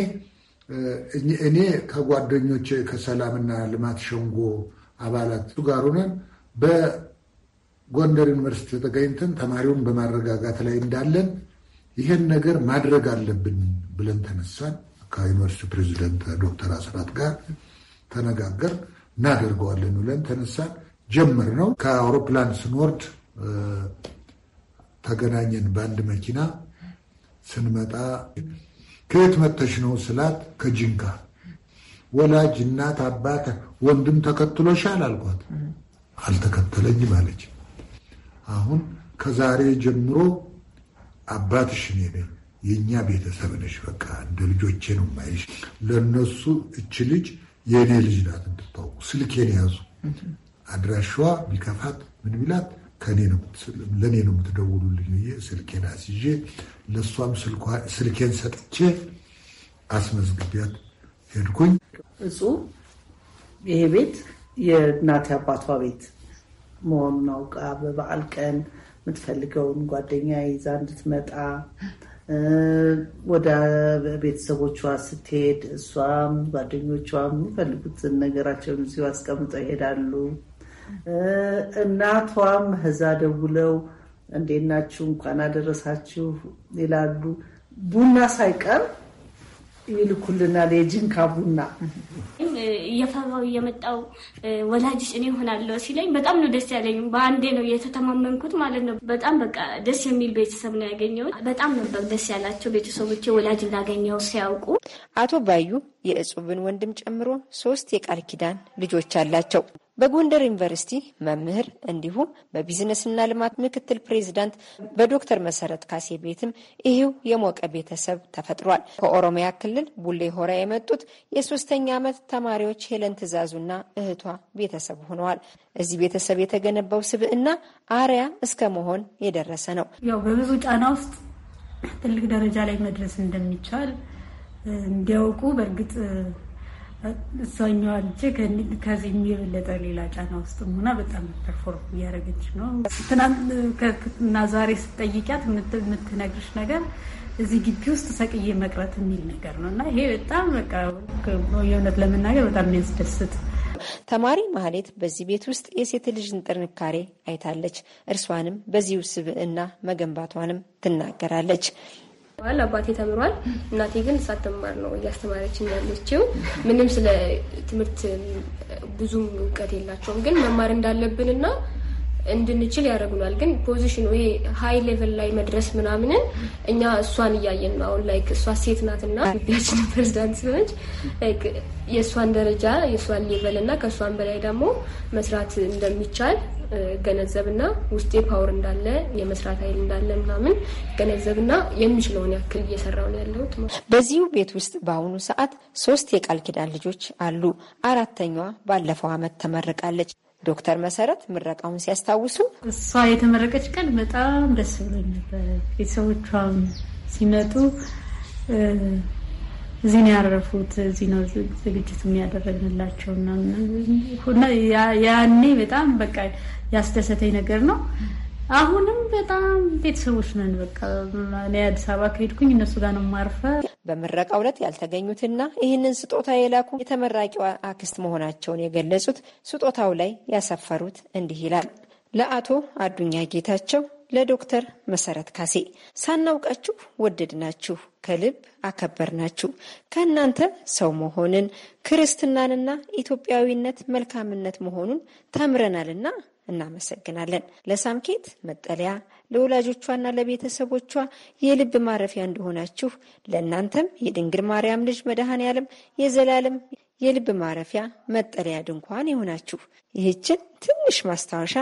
እኔ ከጓደኞች ከሰላምና ልማት ሸንጎ አባላት ጋር ሆነን በጎንደር ዩኒቨርሲቲ ተገኝተን ተማሪውን በማረጋጋት ላይ እንዳለን ይህን ነገር ማድረግ አለብን ብለን ተነሳን። ከዩኒቨርሲቲ ፕሬዚደንት ዶክተር አስራት ጋር ተነጋገር እናደርገዋለን ብለን ተነሳን። ጀምር ነው። ከአውሮፕላን ስንወርድ ተገናኘን በአንድ መኪና። ስንመጣ ከየት መተሽ ነው ስላት ከጅንካ ወላጅ እናት አባት ወንድም ተከትሎሻል አልኳት። አልተከተለኝ ማለች። አሁን ከዛሬ ጀምሮ አባትሽ እኔ ነኝ፣ የእኛ ቤተሰብ ነሽ። በቃ እንደ ልጆቼ ነው ማይሽ። ለእነሱ እች ልጅ የእኔ ልጅ ናት እንድታውቁ ስልኬን ያዙ። አድራሻዋ ቢከፋት ምን ቢላት ለእኔ ነው የምትደውሉልኝ ብዬ ስልኬን አስይዤ ለእሷም ስልኬን ሰጥቼ አስመዝግቢያት ሄድኩኝ። እጹ ይሄ ቤት የእናቴ አባቷ ቤት መሆኑን አውቃ በበዓል ቀን የምትፈልገውን ጓደኛ ይዛ እንድትመጣ ወደ ቤተሰቦቿ ስትሄድ እሷም ጓደኞቿም የሚፈልጉትን ነገራቸውን እዚሁ አስቀምጠው ይሄዳሉ። እናቷም እዛ ደውለው እንዴት ናችሁ እንኳን አደረሳችሁ ይላሉ። ቡና ሳይቀር ይልኩልናል። የጅንካ ቡና እየፈራው እየመጣው ወላጅሽ እኔ ሆናለሁ ሲለኝ በጣም ነው ደስ ያለኝ። በአንዴ ነው የተተማመንኩት ማለት ነው። በጣም በቃ ደስ የሚል ቤተሰብ ነው ያገኘሁት። በጣም ነበር ደስ ያላቸው ቤተሰቦች ወላጅ እንዳገኘው ሲያውቁ። አቶ ባዩ የእጹብን ወንድም ጨምሮ ሶስት የቃል ኪዳን ልጆች አላቸው። በጎንደር ዩኒቨርሲቲ መምህር እንዲሁም በቢዝነስና ልማት ምክትል ፕሬዚዳንት በዶክተር መሰረት ካሴ ቤትም ይህው የሞቀ ቤተሰብ ተፈጥሯል። ከኦሮሚያ ክልል ቡሌ ሆራ የመጡት የሶስተኛ ዓመት ተማሪዎች ሄለን ትዕዛዙና እህቷ ቤተሰብ ሆነዋል። እዚህ ቤተሰብ የተገነባው ስብዕና አርያ እስከ መሆን የደረሰ ነው። ያው በብዙ ጫና ውስጥ ትልቅ ደረጃ ላይ መድረስ እንደሚቻል እንዲያውቁ በእርግጥ እሷኛዋ ልጄ ከዚህ የሚበለጠ ሌላ ጫና ውስጥ ሆና በጣም ፐርፎርም እያደረገች ነው። ትናንትና ዛሬ ስጠይቂያት የምትነግርሽ ነገር እዚህ ግቢ ውስጥ ሰቅዬ መቅረት የሚል ነገር ነው እና ይሄ በጣም በቃ የእውነት ለመናገር በጣም የሚያስደስት ተማሪ ማህሌት በዚህ ቤት ውስጥ የሴት ልጅን ጥንካሬ አይታለች። እርሷንም በዚሁ ስብዕና መገንባቷንም ትናገራለች። ተምሯል፣ አባቴ ተምሯል። እናቴ ግን ሳትማር ነው እያስተማረችን ያለችው። ምንም ስለ ትምህርት ብዙም እውቀት የላቸውም፣ ግን መማር እንዳለብንና እንድንችል ያደርጉናል። ግን ፖዚሽን ወይ ሀይ ሌቨል ላይ መድረስ ምናምንን እኛ እሷን እያየን ነው። አሁን ላይ እሷ ሴት ናትና ኢትዮጵያችን ፕሬዚዳንት ስለሆነች የእሷን ደረጃ የእሷን ሌቨል እና ከእሷን በላይ ደግሞ መስራት እንደሚቻል ገነዘብና ውስጤ ፓወር እንዳለ የመስራት ኃይል እንዳለ ምናምን ገነዘብና የሚችለውን ያክል እየሰራው ነው ያለሁት። በዚሁ ቤት ውስጥ በአሁኑ ሰዓት ሶስት የቃል ኪዳን ልጆች አሉ። አራተኛዋ ባለፈው አመት ተመርቃለች። ዶክተር መሰረት ምረቃውን ሲያስታውሱ እሷ የተመረቀች ቀን በጣም ደስ ብሎኝ ነበር። ቤተሰቦቿም ሲመጡ እዚህ ነው ያረፉት፣ እዚህ ነው ዝግጅት የሚያደረግንላቸው ያኔ በጣም በቃ ያስደሰተኝ ነገር ነው። አሁንም በጣም ቤተሰቦች ነን። በቃ እኔ አዲስ አበባ ከሄድኩኝ እነሱ ጋር ነው ማርፈ በምረቃ ዕለት ያልተገኙትና ይህንን ስጦታ የላኩ የተመራቂዋ አክስት መሆናቸውን የገለጹት ስጦታው ላይ ያሰፈሩት እንዲህ ይላል። ለአቶ አዱኛ ጌታቸው፣ ለዶክተር መሰረት ካሴ ሳናውቃችሁ ወደድናችሁ ከልብ አከበርናችሁ። ከእናንተ ሰው መሆንን ክርስትናንና ኢትዮጵያዊነት መልካምነት መሆኑን ተምረናልና እናመሰግናለን። ለሳምኬት መጠለያ ለወላጆቿና ለቤተሰቦቿ የልብ ማረፊያ እንደሆናችሁ ለእናንተም የድንግል ማርያም ልጅ መድኃኔ ዓለም የዘላለም የልብ ማረፊያ መጠለያ ድንኳን ይሆናችሁ። ይህችን ትንሽ ማስታወሻ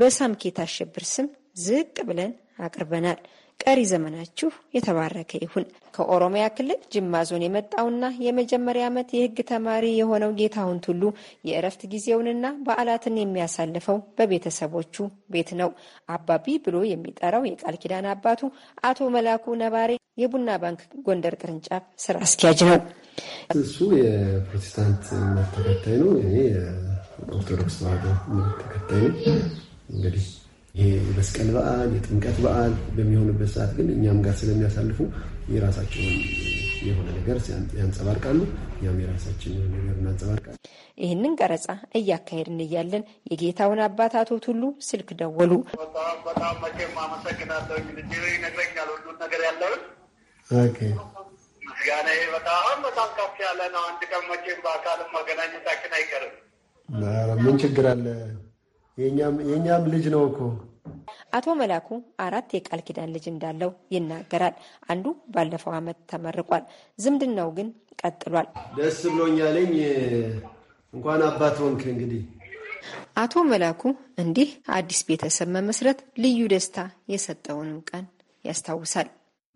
በሳምኬት አሸብር ስም ዝቅ ብለን አቅርበናል። ቀሪ ዘመናችሁ የተባረከ ይሁን። ከኦሮሚያ ክልል ጅማ ዞን የመጣውና የመጀመሪያ ዓመት የሕግ ተማሪ የሆነው ጌታሁን ቱሉ የእረፍት ጊዜውንና በዓላትን የሚያሳልፈው በቤተሰቦቹ ቤት ነው። አባቢ ብሎ የሚጠራው የቃል ኪዳን አባቱ አቶ መላኩ ነባሬ የቡና ባንክ ጎንደር ቅርንጫፍ ስራ አስኪያጅ ነው። እሱ የፕሮቴስታንት ተከታይ ነው። እኔ የኦርቶዶክስ ተከታይ ነው። እንግዲህ የመስቀል በዓል የጥምቀት በዓል በሚሆንበት ሰዓት ግን እኛም ጋር ስለሚያሳልፉ የራሳቸውን የሆነ ነገር ያንጸባርቃሉ። እኛም የራሳችን የሆነ ነገር እናንጸባርቃለን። ይህንን ቀረጻ እያካሄድን እያለን የጌታውን አባት አቶ ቱሉ ስልክ ደወሉ። በጣም በጣም መቼም አመሰግናለሁ። ይነግረኛል ሁሉን ነገር ያለውን ምስጋና በጣም በጣም ከፍ ያለ ነው። አንድ ቀን መቼም በአካልም መገናኘታችን አይቀርም። ምን ችግር አለ? የእኛም ልጅ ነው እኮ። አቶ መላኩ አራት የቃል ኪዳን ልጅ እንዳለው ይናገራል። አንዱ ባለፈው ዓመት ተመርቋል። ዝምድናው ግን ቀጥሏል። ደስ ብሎኛለኝ። እንኳን አባት ሆንክ። እንግዲህ አቶ መላኩ እንዲህ አዲስ ቤተሰብ መመስረት ልዩ ደስታ የሰጠውንም ቀን ያስታውሳል።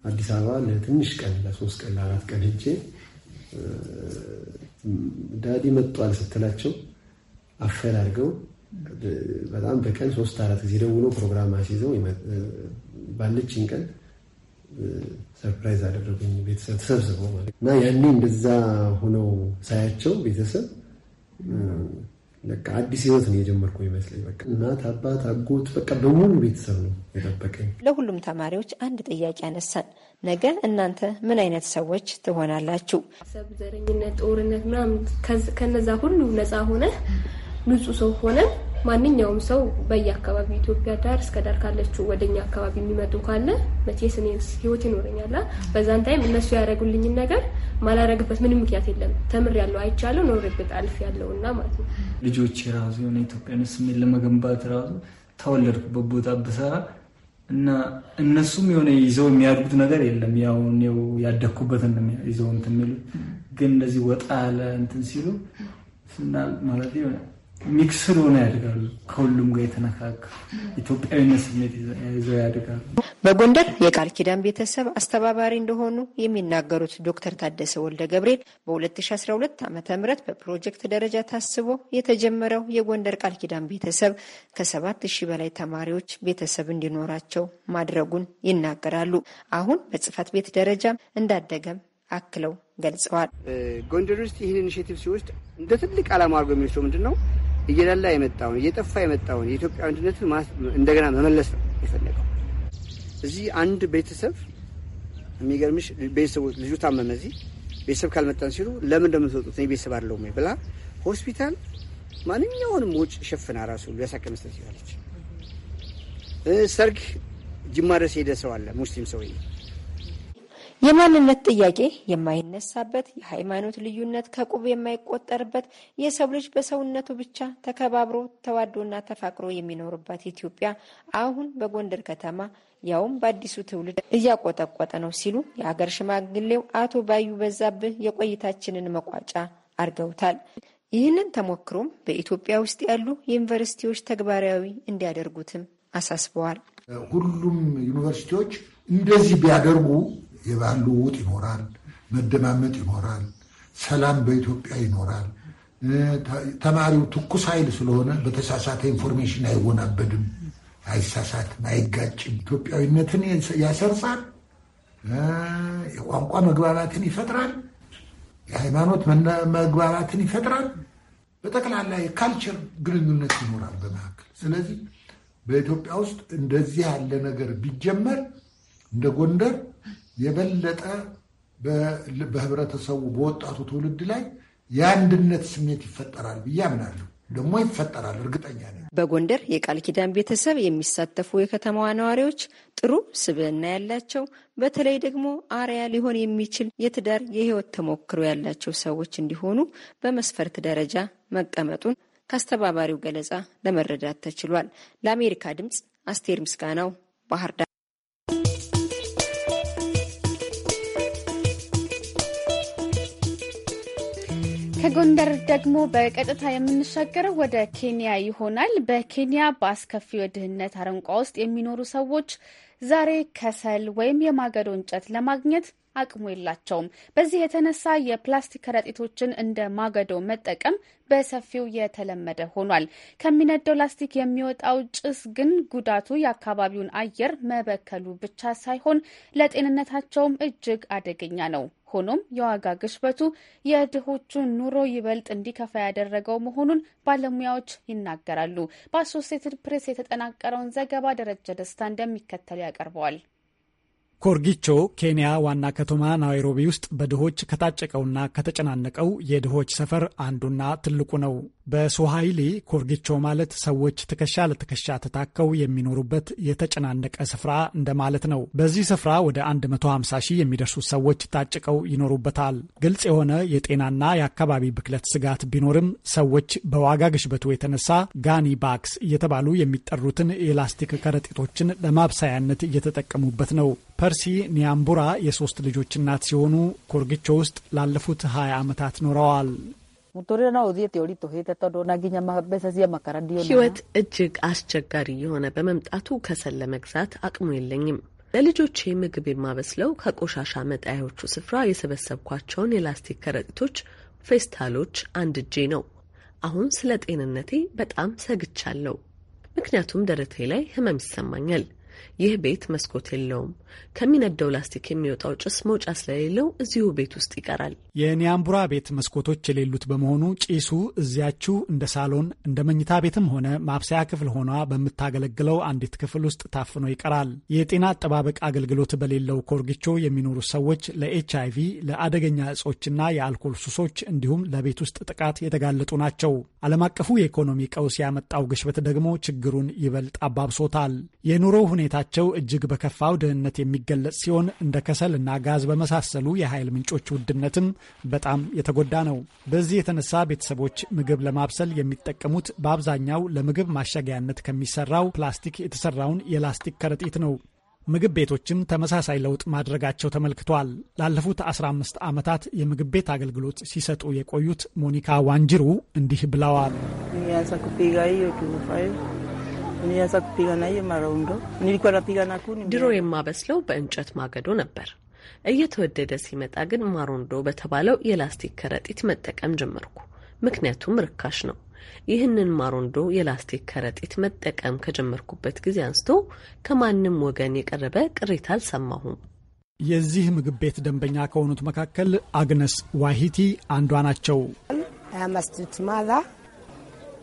አዲስ አበባ ለትንሽ ቀን ለሶስት ቀን ለአራት ቀን ሄጄ ዳዲ መጧል ስትላቸው አድርገው በጣም በቀን ሶስት አራት ጊዜ ደውሎ ፕሮግራም አስይዘው ባለችኝ ቀን ሰርፕራይዝ አደረጉኝ። ቤተሰብ ተሰብስበ እና ያኔ እንደዛ ሆነው ሳያቸው ቤተሰብ በቃ አዲስ ህይወት ነው የጀመርኩ ይመስለኝ። በቃ እናት፣ አባት፣ አጎት በቃ በሙሉ ቤተሰብ ነው የጠበቀኝ። ለሁሉም ተማሪዎች አንድ ጥያቄ አነሳን። ነገ እናንተ ምን አይነት ሰዎች ትሆናላችሁ? ሰብ፣ ዘረኝነት፣ ጦርነት ምናምን ከነዛ ሁሉ ነፃ ሆነ ንጹህ ሰው ሆነን ማንኛውም ሰው በየአካባቢው ኢትዮጵያ ዳር እስከ ዳር ካለችው ወደኛ አካባቢ የሚመጡ ካለ መቼስ እኔ ህይወት ይኖረኛላ። በዛን ታይም እነሱ ያደረጉልኝን ነገር ማላረግበት ምንም ምክንያት የለም። ተምር ያለው አይቻለሁ ኖርበት አልፍ ያለው እና ማለት ነው ልጆች የራሱ የሆነ ኢትዮጵያን ስሜት ለመገንባት ራሱ ተወለድኩበት ቦታ ብሰራ እና እነሱም የሆነ ይዘው የሚያድጉት ነገር የለም። ያው እኔው ያደግኩበትን ይዘው እንትን የሚሉት ግን እንደዚህ ወጣ ያለ እንትን ሲሉ ስናል ማለት ሚክስር ሆነ ያድጋሉ። ከሁሉም ጋር የተነካካ ኢትዮጵያዊነት ስሜት ይዘው ያድጋሉ። በጎንደር የቃል ኪዳን ቤተሰብ አስተባባሪ እንደሆኑ የሚናገሩት ዶክተር ታደሰ ወልደ ገብርኤል በ2012 ዓ ም በፕሮጀክት ደረጃ ታስቦ የተጀመረው የጎንደር ቃል ኪዳን ቤተሰብ ከ7000 በላይ ተማሪዎች ቤተሰብ እንዲኖራቸው ማድረጉን ይናገራሉ። አሁን በጽህፈት ቤት ደረጃም እንዳደገም አክለው ገልጸዋል። ጎንደር ውስጥ ይህን ኢኒሽቲቭ ሲወስድ እንደ ትልቅ ዓላማ አድርጎ የሚወስደው ምንድን ነው? እየላላ የመጣውን እየጠፋ የመጣውን የኢትዮጵያ አንድነትን እንደገና መመለስ ነው የፈለገው። እዚህ አንድ ቤተሰብ የሚገርምሽ ቤተሰቦች ልጁ ታመመ፣ እዚህ ቤተሰብ ካልመጣን ሲሉ ለምን እንደምትወጡት እኔ ቤተሰብ አለው ወይ ብላ ሆስፒታል ማንኛውንም ወጪ ሸፍና ራሱ ሊያሳከ መስጠት ይላለች። ሰርግ ጅማ ድረስ ሄደ ሰው አለ ሙስሊም ሰውዬ የማንነት ጥያቄ የማይነሳበት፣ የሃይማኖት ልዩነት ከቁብ የማይቆጠርበት፣ የሰው ልጅ በሰውነቱ ብቻ ተከባብሮ ተዋዶና ተፋቅሮ የሚኖርባት ኢትዮጵያ አሁን በጎንደር ከተማ ያውም በአዲሱ ትውልድ እያቆጠቆጠ ነው ሲሉ የሀገር ሽማግሌው አቶ ባዩ በዛብህ የቆይታችንን መቋጫ አድርገውታል። ይህንን ተሞክሮም በኢትዮጵያ ውስጥ ያሉ ዩኒቨርሲቲዎች ተግባራዊ እንዲያደርጉትም አሳስበዋል። ሁሉም ዩኒቨርሲቲዎች እንደዚህ ቢያደርጉ የባህል ልውውጥ ይኖራል፣ መደማመጥ ይኖራል፣ ሰላም በኢትዮጵያ ይኖራል። ተማሪው ትኩስ ኃይል ስለሆነ በተሳሳተ ኢንፎርሜሽን አይወናበድም፣ አይሳሳትም፣ አይጋጭም። ኢትዮጵያዊነትን ያሰርጻል፣ የቋንቋ መግባባትን ይፈጥራል፣ የሃይማኖት መግባባትን ይፈጥራል። በጠቅላላ የካልቸር ግንኙነት ይኖራል በመካከል። ስለዚህ በኢትዮጵያ ውስጥ እንደዚህ ያለ ነገር ቢጀመር እንደ ጎንደር የበለጠ በህብረተሰቡ በወጣቱ ትውልድ ላይ የአንድነት ስሜት ይፈጠራል ብዬ አምናለሁ። ደግሞ ይፈጠራል፣ እርግጠኛ ነኝ። በጎንደር የቃል ኪዳን ቤተሰብ የሚሳተፉ የከተማዋ ነዋሪዎች ጥሩ ስብዕና ያላቸው በተለይ ደግሞ አርያ ሊሆን የሚችል የትዳር የህይወት ተሞክሮ ያላቸው ሰዎች እንዲሆኑ በመስፈርት ደረጃ መቀመጡን ከአስተባባሪው ገለጻ ለመረዳት ተችሏል። ለአሜሪካ ድምፅ አስቴር ምስጋናው ባህር ዳር ከጎንደር ደግሞ በቀጥታ የምንሻገረው ወደ ኬንያ ይሆናል። በኬንያ በአስከፊ የድህነት አረንቋ ውስጥ የሚኖሩ ሰዎች ዛሬ ከሰል ወይም የማገዶ እንጨት ለማግኘት አቅሙ የላቸውም። በዚህ የተነሳ የፕላስቲክ ከረጢቶችን እንደ ማገዶ መጠቀም በሰፊው የተለመደ ሆኗል። ከሚነደው ላስቲክ የሚወጣው ጭስ ግን ጉዳቱ የአካባቢውን አየር መበከሉ ብቻ ሳይሆን ለጤንነታቸውም እጅግ አደገኛ ነው። ሆኖም የዋጋ ግሽበቱ የድሆቹን ኑሮ ይበልጥ እንዲከፋ ያደረገው መሆኑን ባለሙያዎች ይናገራሉ። በአሶሴትድ ፕሬስ የተጠናቀረውን ዘገባ ደረጀ ደስታ እንደሚከተል ያቀርበዋል። ኮርጊቾ ኬንያ ዋና ከተማ ናይሮቢ ውስጥ በድሆች ከታጨቀውና ከተጨናነቀው የድሆች ሰፈር አንዱና ትልቁ ነው። በሶሃይሊ ኮርጊቾ ማለት ሰዎች ትከሻ ለትከሻ ተታከው የሚኖሩበት የተጨናነቀ ስፍራ እንደማለት ነው። በዚህ ስፍራ ወደ 150 ሺህ የሚደርሱ ሰዎች ታጭቀው ይኖሩበታል። ግልጽ የሆነ የጤናና የአካባቢ ብክለት ስጋት ቢኖርም ሰዎች በዋጋ ግሽበቱ የተነሳ ጋኒ ባክስ እየተባሉ የሚጠሩትን የላስቲክ ከረጢቶችን ለማብሰያነት እየተጠቀሙበት ነው። ፐርሲ ኒያምቡራ የሶስት ልጆች እናት ሲሆኑ ኮርጊቾ ውስጥ ላለፉት ሀያ ዓመታት ኖረዋል። ሕይወት እጅግ አስቸጋሪ የሆነ በመምጣቱ ከሰል ለመግዛት አቅሙ የለኝም። ለልጆቼ ምግብ የማበስለው ከቆሻሻ መጣያዎቹ ስፍራ የሰበሰብኳቸውን የላስቲክ ከረጢቶች፣ ፌስታሎች አንድ እጄ ነው። አሁን ስለ ጤንነቴ በጣም ሰግቻለሁ፣ ምክንያቱም ደረቴ ላይ ህመም ይሰማኛል። ይህ ቤት መስኮት የለውም። ከሚነደው ላስቲክ የሚወጣው ጭስ መውጫ ስለሌለው እዚሁ ቤት ውስጥ ይቀራል። የኒያምቡራ ቤት መስኮቶች የሌሉት በመሆኑ ጭሱ እዚያችው እንደ ሳሎን እንደ መኝታ ቤትም ሆነ ማብሰያ ክፍል ሆኗ በምታገለግለው አንዲት ክፍል ውስጥ ታፍኖ ይቀራል። የጤና አጠባበቅ አገልግሎት በሌለው ኮርጊቾ የሚኖሩ ሰዎች ለኤች አይ ቪ ለአደገኛ እጾችና የአልኮል ሱሶች እንዲሁም ለቤት ውስጥ ጥቃት የተጋለጡ ናቸው። ዓለም አቀፉ የኢኮኖሚ ቀውስ ያመጣው ግሽበት ደግሞ ችግሩን ይበልጥ አባብሶታል። የኑሮ ሁኔታቸው እጅግ በከፋው ድህነት የሚገለጽ ሲሆን እንደ ከሰል እና ጋዝ በመሳሰሉ የኃይል ምንጮች ውድነትም በጣም የተጎዳ ነው። በዚህ የተነሳ ቤተሰቦች ምግብ ለማብሰል የሚጠቀሙት በአብዛኛው ለምግብ ማሸጊያነት ከሚሰራው ፕላስቲክ የተሰራውን የላስቲክ ከረጢት ነው። ምግብ ቤቶችም ተመሳሳይ ለውጥ ማድረጋቸው ተመልክቷል። ላለፉት 15 ዓመታት የምግብ ቤት አገልግሎት ሲሰጡ የቆዩት ሞኒካ ዋንጅሩ እንዲህ ብለዋል። nilianza kupigana hiyo nilikuwa napigana kuni. የማበስለው በእንጨት ማገዶ ነበር። እየተወደደ ሲመጣ ግን ማሮንዶ በተባለው የላስቲክ ከረጢት መጠቀም ጀመርኩ፣ ምክንያቱም ርካሽ ነው። ይህንን ማሮንዶ የላስቲክ ከረጢት መጠቀም ከጀመርኩበት ጊዜ አንስቶ ከማንም ወገን የቀረበ ቅሬታ አልሰማሁም። የዚህ ምግብ ቤት ደንበኛ ከሆኑት መካከል አግነስ ዋሂቲ አንዷ ናቸው።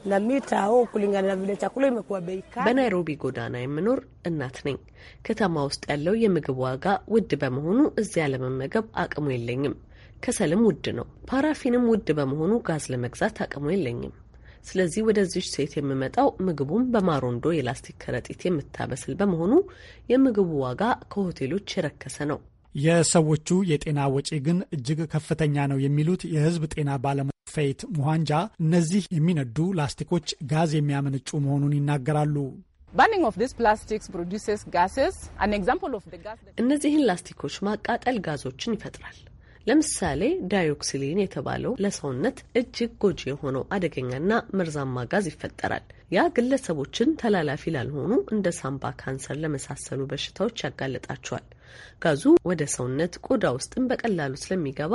na mita au kulingana na vile chakula imekuwa bei kali. በናይሮቢ ጎዳና የምኖር እናት ነኝ። ከተማ ውስጥ ያለው የምግብ ዋጋ ውድ በመሆኑ እዚያ ለመመገብ አቅሙ የለኝም። ከሰልም ውድ ነው። ፓራፊንም ውድ በመሆኑ ጋዝ ለመግዛት አቅሙ የለኝም። ስለዚህ ወደዚች ሴት የምመጣው ምግቡን በማሮንዶ የላስቲክ ከረጢት የምታበስል በመሆኑ የምግቡ ዋጋ ከሆቴሎች የረከሰ ነው። የሰዎቹ የጤና ወጪ ግን እጅግ ከፍተኛ ነው የሚሉት የህዝብ ጤና ባለሙ ፌት ሙሃንጃ እነዚህ የሚነዱ ላስቲኮች ጋዝ የሚያመነጩ መሆኑን ይናገራሉ። እነዚህን ላስቲኮች ማቃጠል ጋዞችን ይፈጥራል። ለምሳሌ ዳዮክሲሊን የተባለው ለሰውነት እጅግ ጎጂ የሆነው አደገኛና መርዛማ ጋዝ ይፈጠራል። ያ ግለሰቦችን ተላላፊ ላልሆኑ እንደ ሳምባ ካንሰር ለመሳሰሉ በሽታዎች ያጋለጣቸዋል። ጋዙ ወደ ሰውነት ቆዳ ውስጥም በቀላሉ ስለሚገባ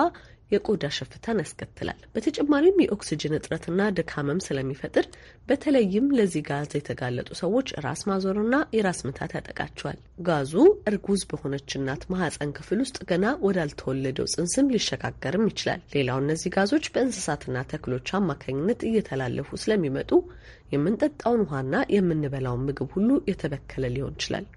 የቆዳ ሽፍታን ያስከትላል። በተጨማሪም የኦክስጅን እጥረትና ድካመም ስለሚፈጥር በተለይም ለዚህ ጋዝ የተጋለጡ ሰዎች ራስ ማዞርና የራስ ምታት ያጠቃቸዋል። ጋዙ እርጉዝ በሆነች እናት ማህፀን ክፍል ውስጥ ገና ወዳልተወለደው ጽንስም ሊሸጋገርም ይችላል። ሌላው እነዚህ ጋዞች በእንስሳትና ተክሎች አማካኝነት እየተላለፉ ስለሚመጡ የምንጠጣውን ውሃና የምንበላውን ምግብ ሁሉ የተበከለ ሊሆን ይችላል።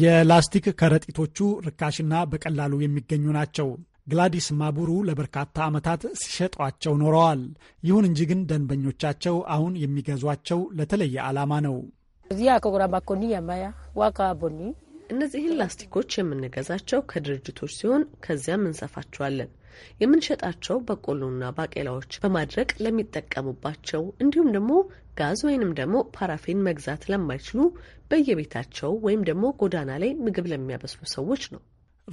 የላስቲክ ከረጢቶቹ ርካሽና በቀላሉ የሚገኙ ናቸው። ግላዲስ ማቡሩ ለበርካታ ዓመታት ሲሸጧቸው ኖረዋል። ይሁን እንጂ ግን ደንበኞቻቸው አሁን የሚገዟቸው ለተለየ ዓላማ ነው። እነዚህን ላስቲኮች የምንገዛቸው ከድርጅቶች ሲሆን ከዚያም እንሰፋቸዋለን። የምንሸጣቸው በቆሎና ባቄላዎች በማድረቅ ለሚጠቀሙባቸው እንዲሁም ደግሞ ጋዝ ወይንም ደግሞ ፓራፊን መግዛት ለማይችሉ በየቤታቸው ወይም ደግሞ ጎዳና ላይ ምግብ ለሚያበስሉ ሰዎች ነው።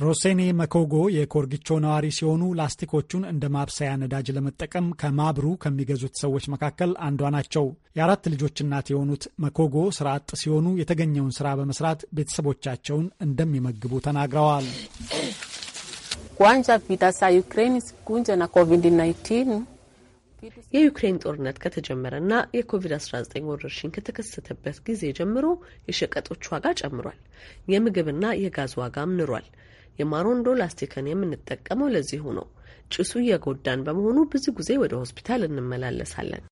ሮሴኔ መኮጎ የኮርጊቾ ነዋሪ ሲሆኑ ላስቲኮቹን እንደ ማብሰያ ነዳጅ ለመጠቀም ከማብሩ ከሚገዙት ሰዎች መካከል አንዷ ናቸው። የአራት ልጆች እናት የሆኑት መኮጎ ስራ አጥ ሲሆኑ የተገኘውን ስራ በመስራት ቤተሰቦቻቸውን እንደሚመግቡ ተናግረዋል። kwanza ቪታሳ ዩክሬን Ukraine sikunja 19 የዩክሬን ጦርነት ከተጀመረና የኮቪድ-19 ወረርሽኝ ከተከሰተበት ጊዜ ጀምሮ የሸቀጦች ዋጋ ጨምሯል። የምግብና የጋዝ ዋጋም ንሯል። የማሮንዶ ላስቲክን የምንጠቀመው ለዚሁ ነው። ጭሱ የጎዳን በመሆኑ ብዙ ጊዜ ወደ ሆስፒታል እንመላለሳለን።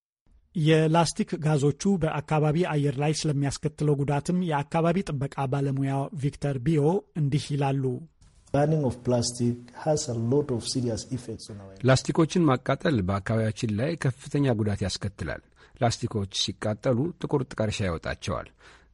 የላስቲክ ጋዞቹ በአካባቢ አየር ላይ ስለሚያስከትለው ጉዳትም የአካባቢ ጥበቃ ባለሙያ ቪክተር ቢዮ እንዲህ ይላሉ። ላስቲኮችን ማቃጠል በአካባቢያችን ላይ ከፍተኛ ጉዳት ያስከትላል። ላስቲኮች ሲቃጠሉ ጥቁር ጥቀርሻ ያወጣቸዋል።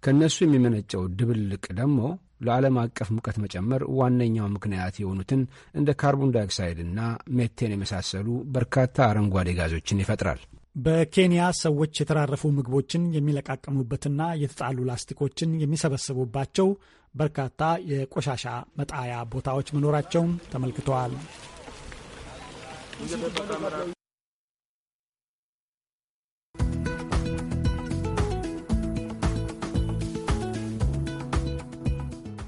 ከእነሱ የሚመነጨው ድብልቅ ደግሞ ለዓለም አቀፍ ሙቀት መጨመር ዋነኛው ምክንያት የሆኑትን እንደ ካርቦን ዳይኦክሳይድ እና ሜቴን የመሳሰሉ በርካታ አረንጓዴ ጋዞችን ይፈጥራል። በኬንያ ሰዎች የተራረፉ ምግቦችን የሚለቃቀሙበትና የተጣሉ ላስቲኮችን የሚሰበስቡባቸው በርካታ የቆሻሻ መጣያ ቦታዎች መኖራቸውም ተመልክተዋል።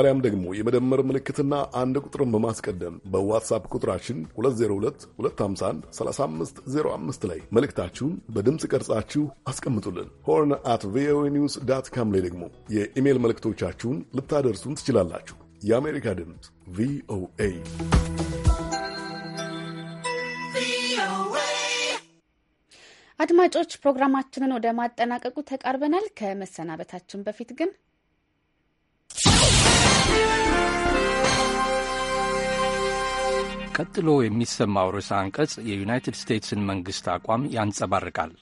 አሊያም ደግሞ የመደመር ምልክትና አንድ ቁጥርን በማስቀደም በዋትሳፕ ቁጥራችን 2022513505 ላይ መልእክታችሁን በድምፅ ቀርጻችሁ አስቀምጡልን። ሆርን አት ቪኦኤ ኒውስ ዳት ካም ላይ ደግሞ የኢሜይል መልእክቶቻችሁን ልታደርሱን ትችላላችሁ። የአሜሪካ ድምፅ ቪኦኤ አድማጮች ፕሮግራማችንን ወደ ማጠናቀቁ ተቃርበናል። ከመሰናበታችን በፊት ግን ቀጥሎ የሚሰማው ርዕሰ አንቀጽ የዩናይትድ ስቴትስን መንግስት አቋም ያንጸባርቃል።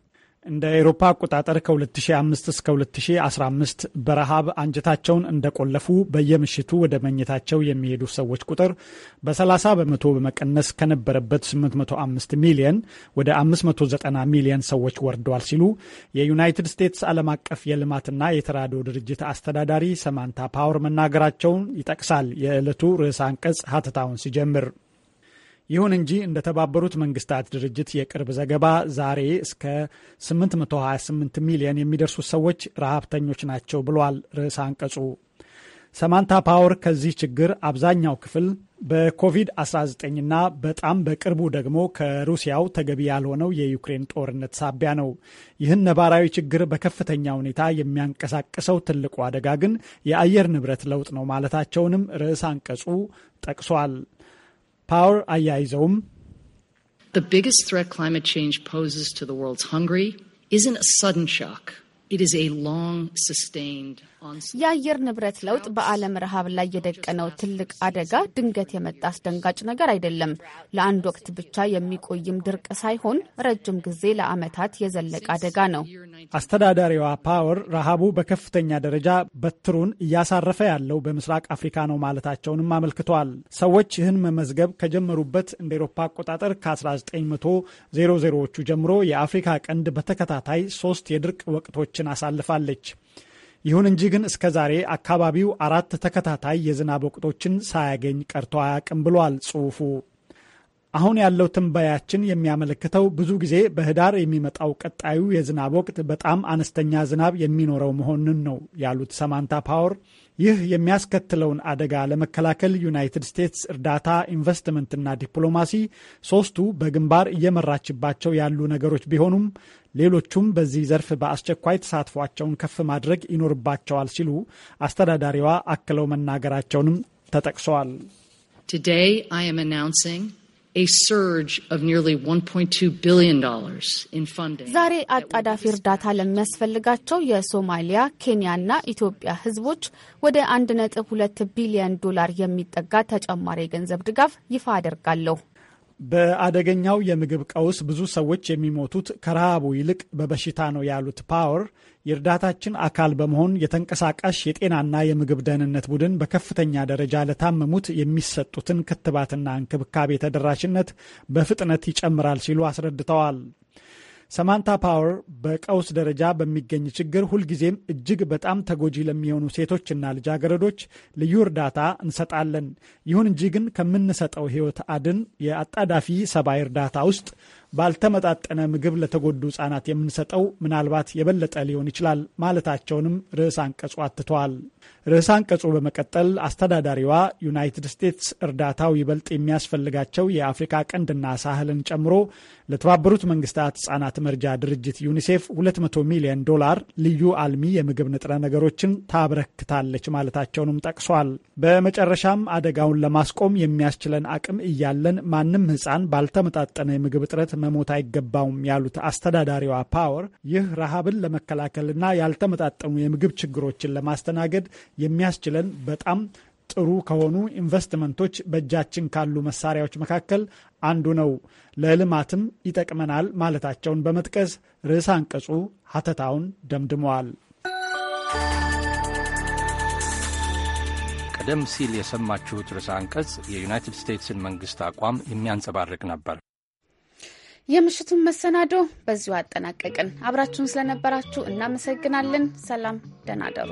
እንደ አውሮፓ አቆጣጠር ከ2005 እስከ 2015 በረሃብ አንጀታቸውን እንደቆለፉ በየምሽቱ ወደ መኝታቸው የሚሄዱ ሰዎች ቁጥር በ30 በመቶ በመቀነስ ከነበረበት 805 ሚሊየን ወደ 590 ሚሊየን ሰዎች ወርደዋል ሲሉ የዩናይትድ ስቴትስ ዓለም አቀፍ የልማትና የተራድኦ ድርጅት አስተዳዳሪ ሰማንታ ፓወር መናገራቸውን ይጠቅሳል የዕለቱ ርዕሰ አንቀጽ ሀተታውን ሲጀምር ይሁን እንጂ እንደተባበሩት መንግስታት ድርጅት የቅርብ ዘገባ ዛሬ እስከ 828 ሚሊዮን የሚደርሱ ሰዎች ረሃብተኞች ናቸው ብሏል ርዕስ አንቀጹ። ሰማንታ ፓወር ከዚህ ችግር አብዛኛው ክፍል በኮቪድ-19ና በጣም በቅርቡ ደግሞ ከሩሲያው ተገቢ ያልሆነው የዩክሬን ጦርነት ሳቢያ ነው። ይህን ነባራዊ ችግር በከፍተኛ ሁኔታ የሚያንቀሳቅሰው ትልቁ አደጋ ግን የአየር ንብረት ለውጥ ነው ማለታቸውንም ርዕስ አንቀጹ ጠቅሷል። አያይዘውም The biggest threat climate change poses to the world's hungry isn't a sudden shock. It is a long sustained የአየር ንብረት ለውጥ በዓለም ረሃብ ላይ የደቀነው ትልቅ አደጋ ድንገት የመጣ አስደንጋጭ ነገር አይደለም። ለአንድ ወቅት ብቻ የሚቆይም ድርቅ ሳይሆን ረጅም ጊዜ ለዓመታት የዘለቀ አደጋ ነው። አስተዳዳሪዋ ፓወር ረሃቡ በከፍተኛ ደረጃ በትሩን እያሳረፈ ያለው በምስራቅ አፍሪካ ነው ማለታቸውንም አመልክቷል። ሰዎች ይህን መመዝገብ ከጀመሩበት እንደ ኤሮፓ አቆጣጠር ከ 1900 ዜሮዎቹ ጀምሮ የአፍሪካ ቀንድ በተከታታይ ሶስት የድርቅ ወቅቶችን አሳልፋለች። ይሁን እንጂ ግን እስከ ዛሬ አካባቢው አራት ተከታታይ የዝናብ ወቅቶችን ሳያገኝ ቀርቶ አያቅም ብሏል ጽሑፉ። አሁን ያለው ትንበያችን የሚያመለክተው ብዙ ጊዜ በህዳር የሚመጣው ቀጣዩ የዝናብ ወቅት በጣም አነስተኛ ዝናብ የሚኖረው መሆንን ነው ያሉት ሰማንታ ፓወር ይህ የሚያስከትለውን አደጋ ለመከላከል ዩናይትድ ስቴትስ እርዳታ፣ ኢንቨስትመንትና ዲፕሎማሲ ሶስቱ በግንባር እየመራችባቸው ያሉ ነገሮች ቢሆኑም ሌሎቹም በዚህ ዘርፍ በአስቸኳይ ተሳትፏቸውን ከፍ ማድረግ ይኖርባቸዋል ሲሉ አስተዳዳሪዋ አክለው መናገራቸውንም ተጠቅሰዋል። Today I am announcing ዛሬ አጣዳፊ እርዳታ ለሚያስፈልጋቸው የሶማሊያ፣ ኬንያና ኢትዮጵያ ህዝቦች ወደ 1.2 ቢሊዮን ዶላር የሚጠጋ ተጨማሪ የገንዘብ ድጋፍ ይፋ አደርጋለሁ። በአደገኛው የምግብ ቀውስ ብዙ ሰዎች የሚሞቱት ከረሃቡ ይልቅ በበሽታ ነው ያሉት ፓወር የእርዳታችን አካል በመሆን የተንቀሳቃሽ የጤናና የምግብ ደህንነት ቡድን በከፍተኛ ደረጃ ለታመሙት የሚሰጡትን ክትባትና እንክብካቤ ተደራሽነት በፍጥነት ይጨምራል ሲሉ አስረድተዋል። ሰማንታ ፓወር በቀውስ ደረጃ በሚገኝ ችግር ሁልጊዜም እጅግ በጣም ተጎጂ ለሚሆኑ ሴቶችና ልጃገረዶች ልዩ እርዳታ እንሰጣለን። ይሁን እንጂ ግን ከምንሰጠው ሕይወት አድን የአጣዳፊ ሰብአዊ እርዳታ ውስጥ ባልተመጣጠነ ምግብ ለተጎዱ ህጻናት የምንሰጠው ምናልባት የበለጠ ሊሆን ይችላል ማለታቸውንም ርዕስ አንቀጹ አትተዋል። ርዕስ አንቀጹ በመቀጠል አስተዳዳሪዋ ዩናይትድ ስቴትስ እርዳታው ይበልጥ የሚያስፈልጋቸው የአፍሪካ ቀንድና ሳህልን ጨምሮ ለተባበሩት መንግስታት ህጻናት መርጃ ድርጅት ዩኒሴፍ 200 ሚሊዮን ዶላር ልዩ አልሚ የምግብ ንጥረ ነገሮችን ታበረክታለች ማለታቸውንም ጠቅሷል። በመጨረሻም አደጋውን ለማስቆም የሚያስችለን አቅም እያለን ማንም ህፃን ባልተመጣጠነ የምግብ እጥረት መሞት አይገባውም ያሉት አስተዳዳሪዋ ፓወር ይህ ረሃብን ለመከላከልና ያልተመጣጠኑ የምግብ ችግሮችን ለማስተናገድ የሚያስችለን በጣም ጥሩ ከሆኑ ኢንቨስትመንቶች በእጃችን ካሉ መሳሪያዎች መካከል አንዱ ነው፣ ለልማትም ይጠቅመናል ማለታቸውን በመጥቀስ ርዕስ አንቀጹ ሀተታውን ደምድመዋል። ቀደም ሲል የሰማችሁት ርዕስ አንቀጽ የዩናይትድ ስቴትስን መንግስት አቋም የሚያንጸባርቅ ነበር። የምሽቱን መሰናዶ በዚሁ አጠናቀቅን። አብራችሁን ስለነበራችሁ እናመሰግናለን። ሰላም፣ ደህና እደሩ።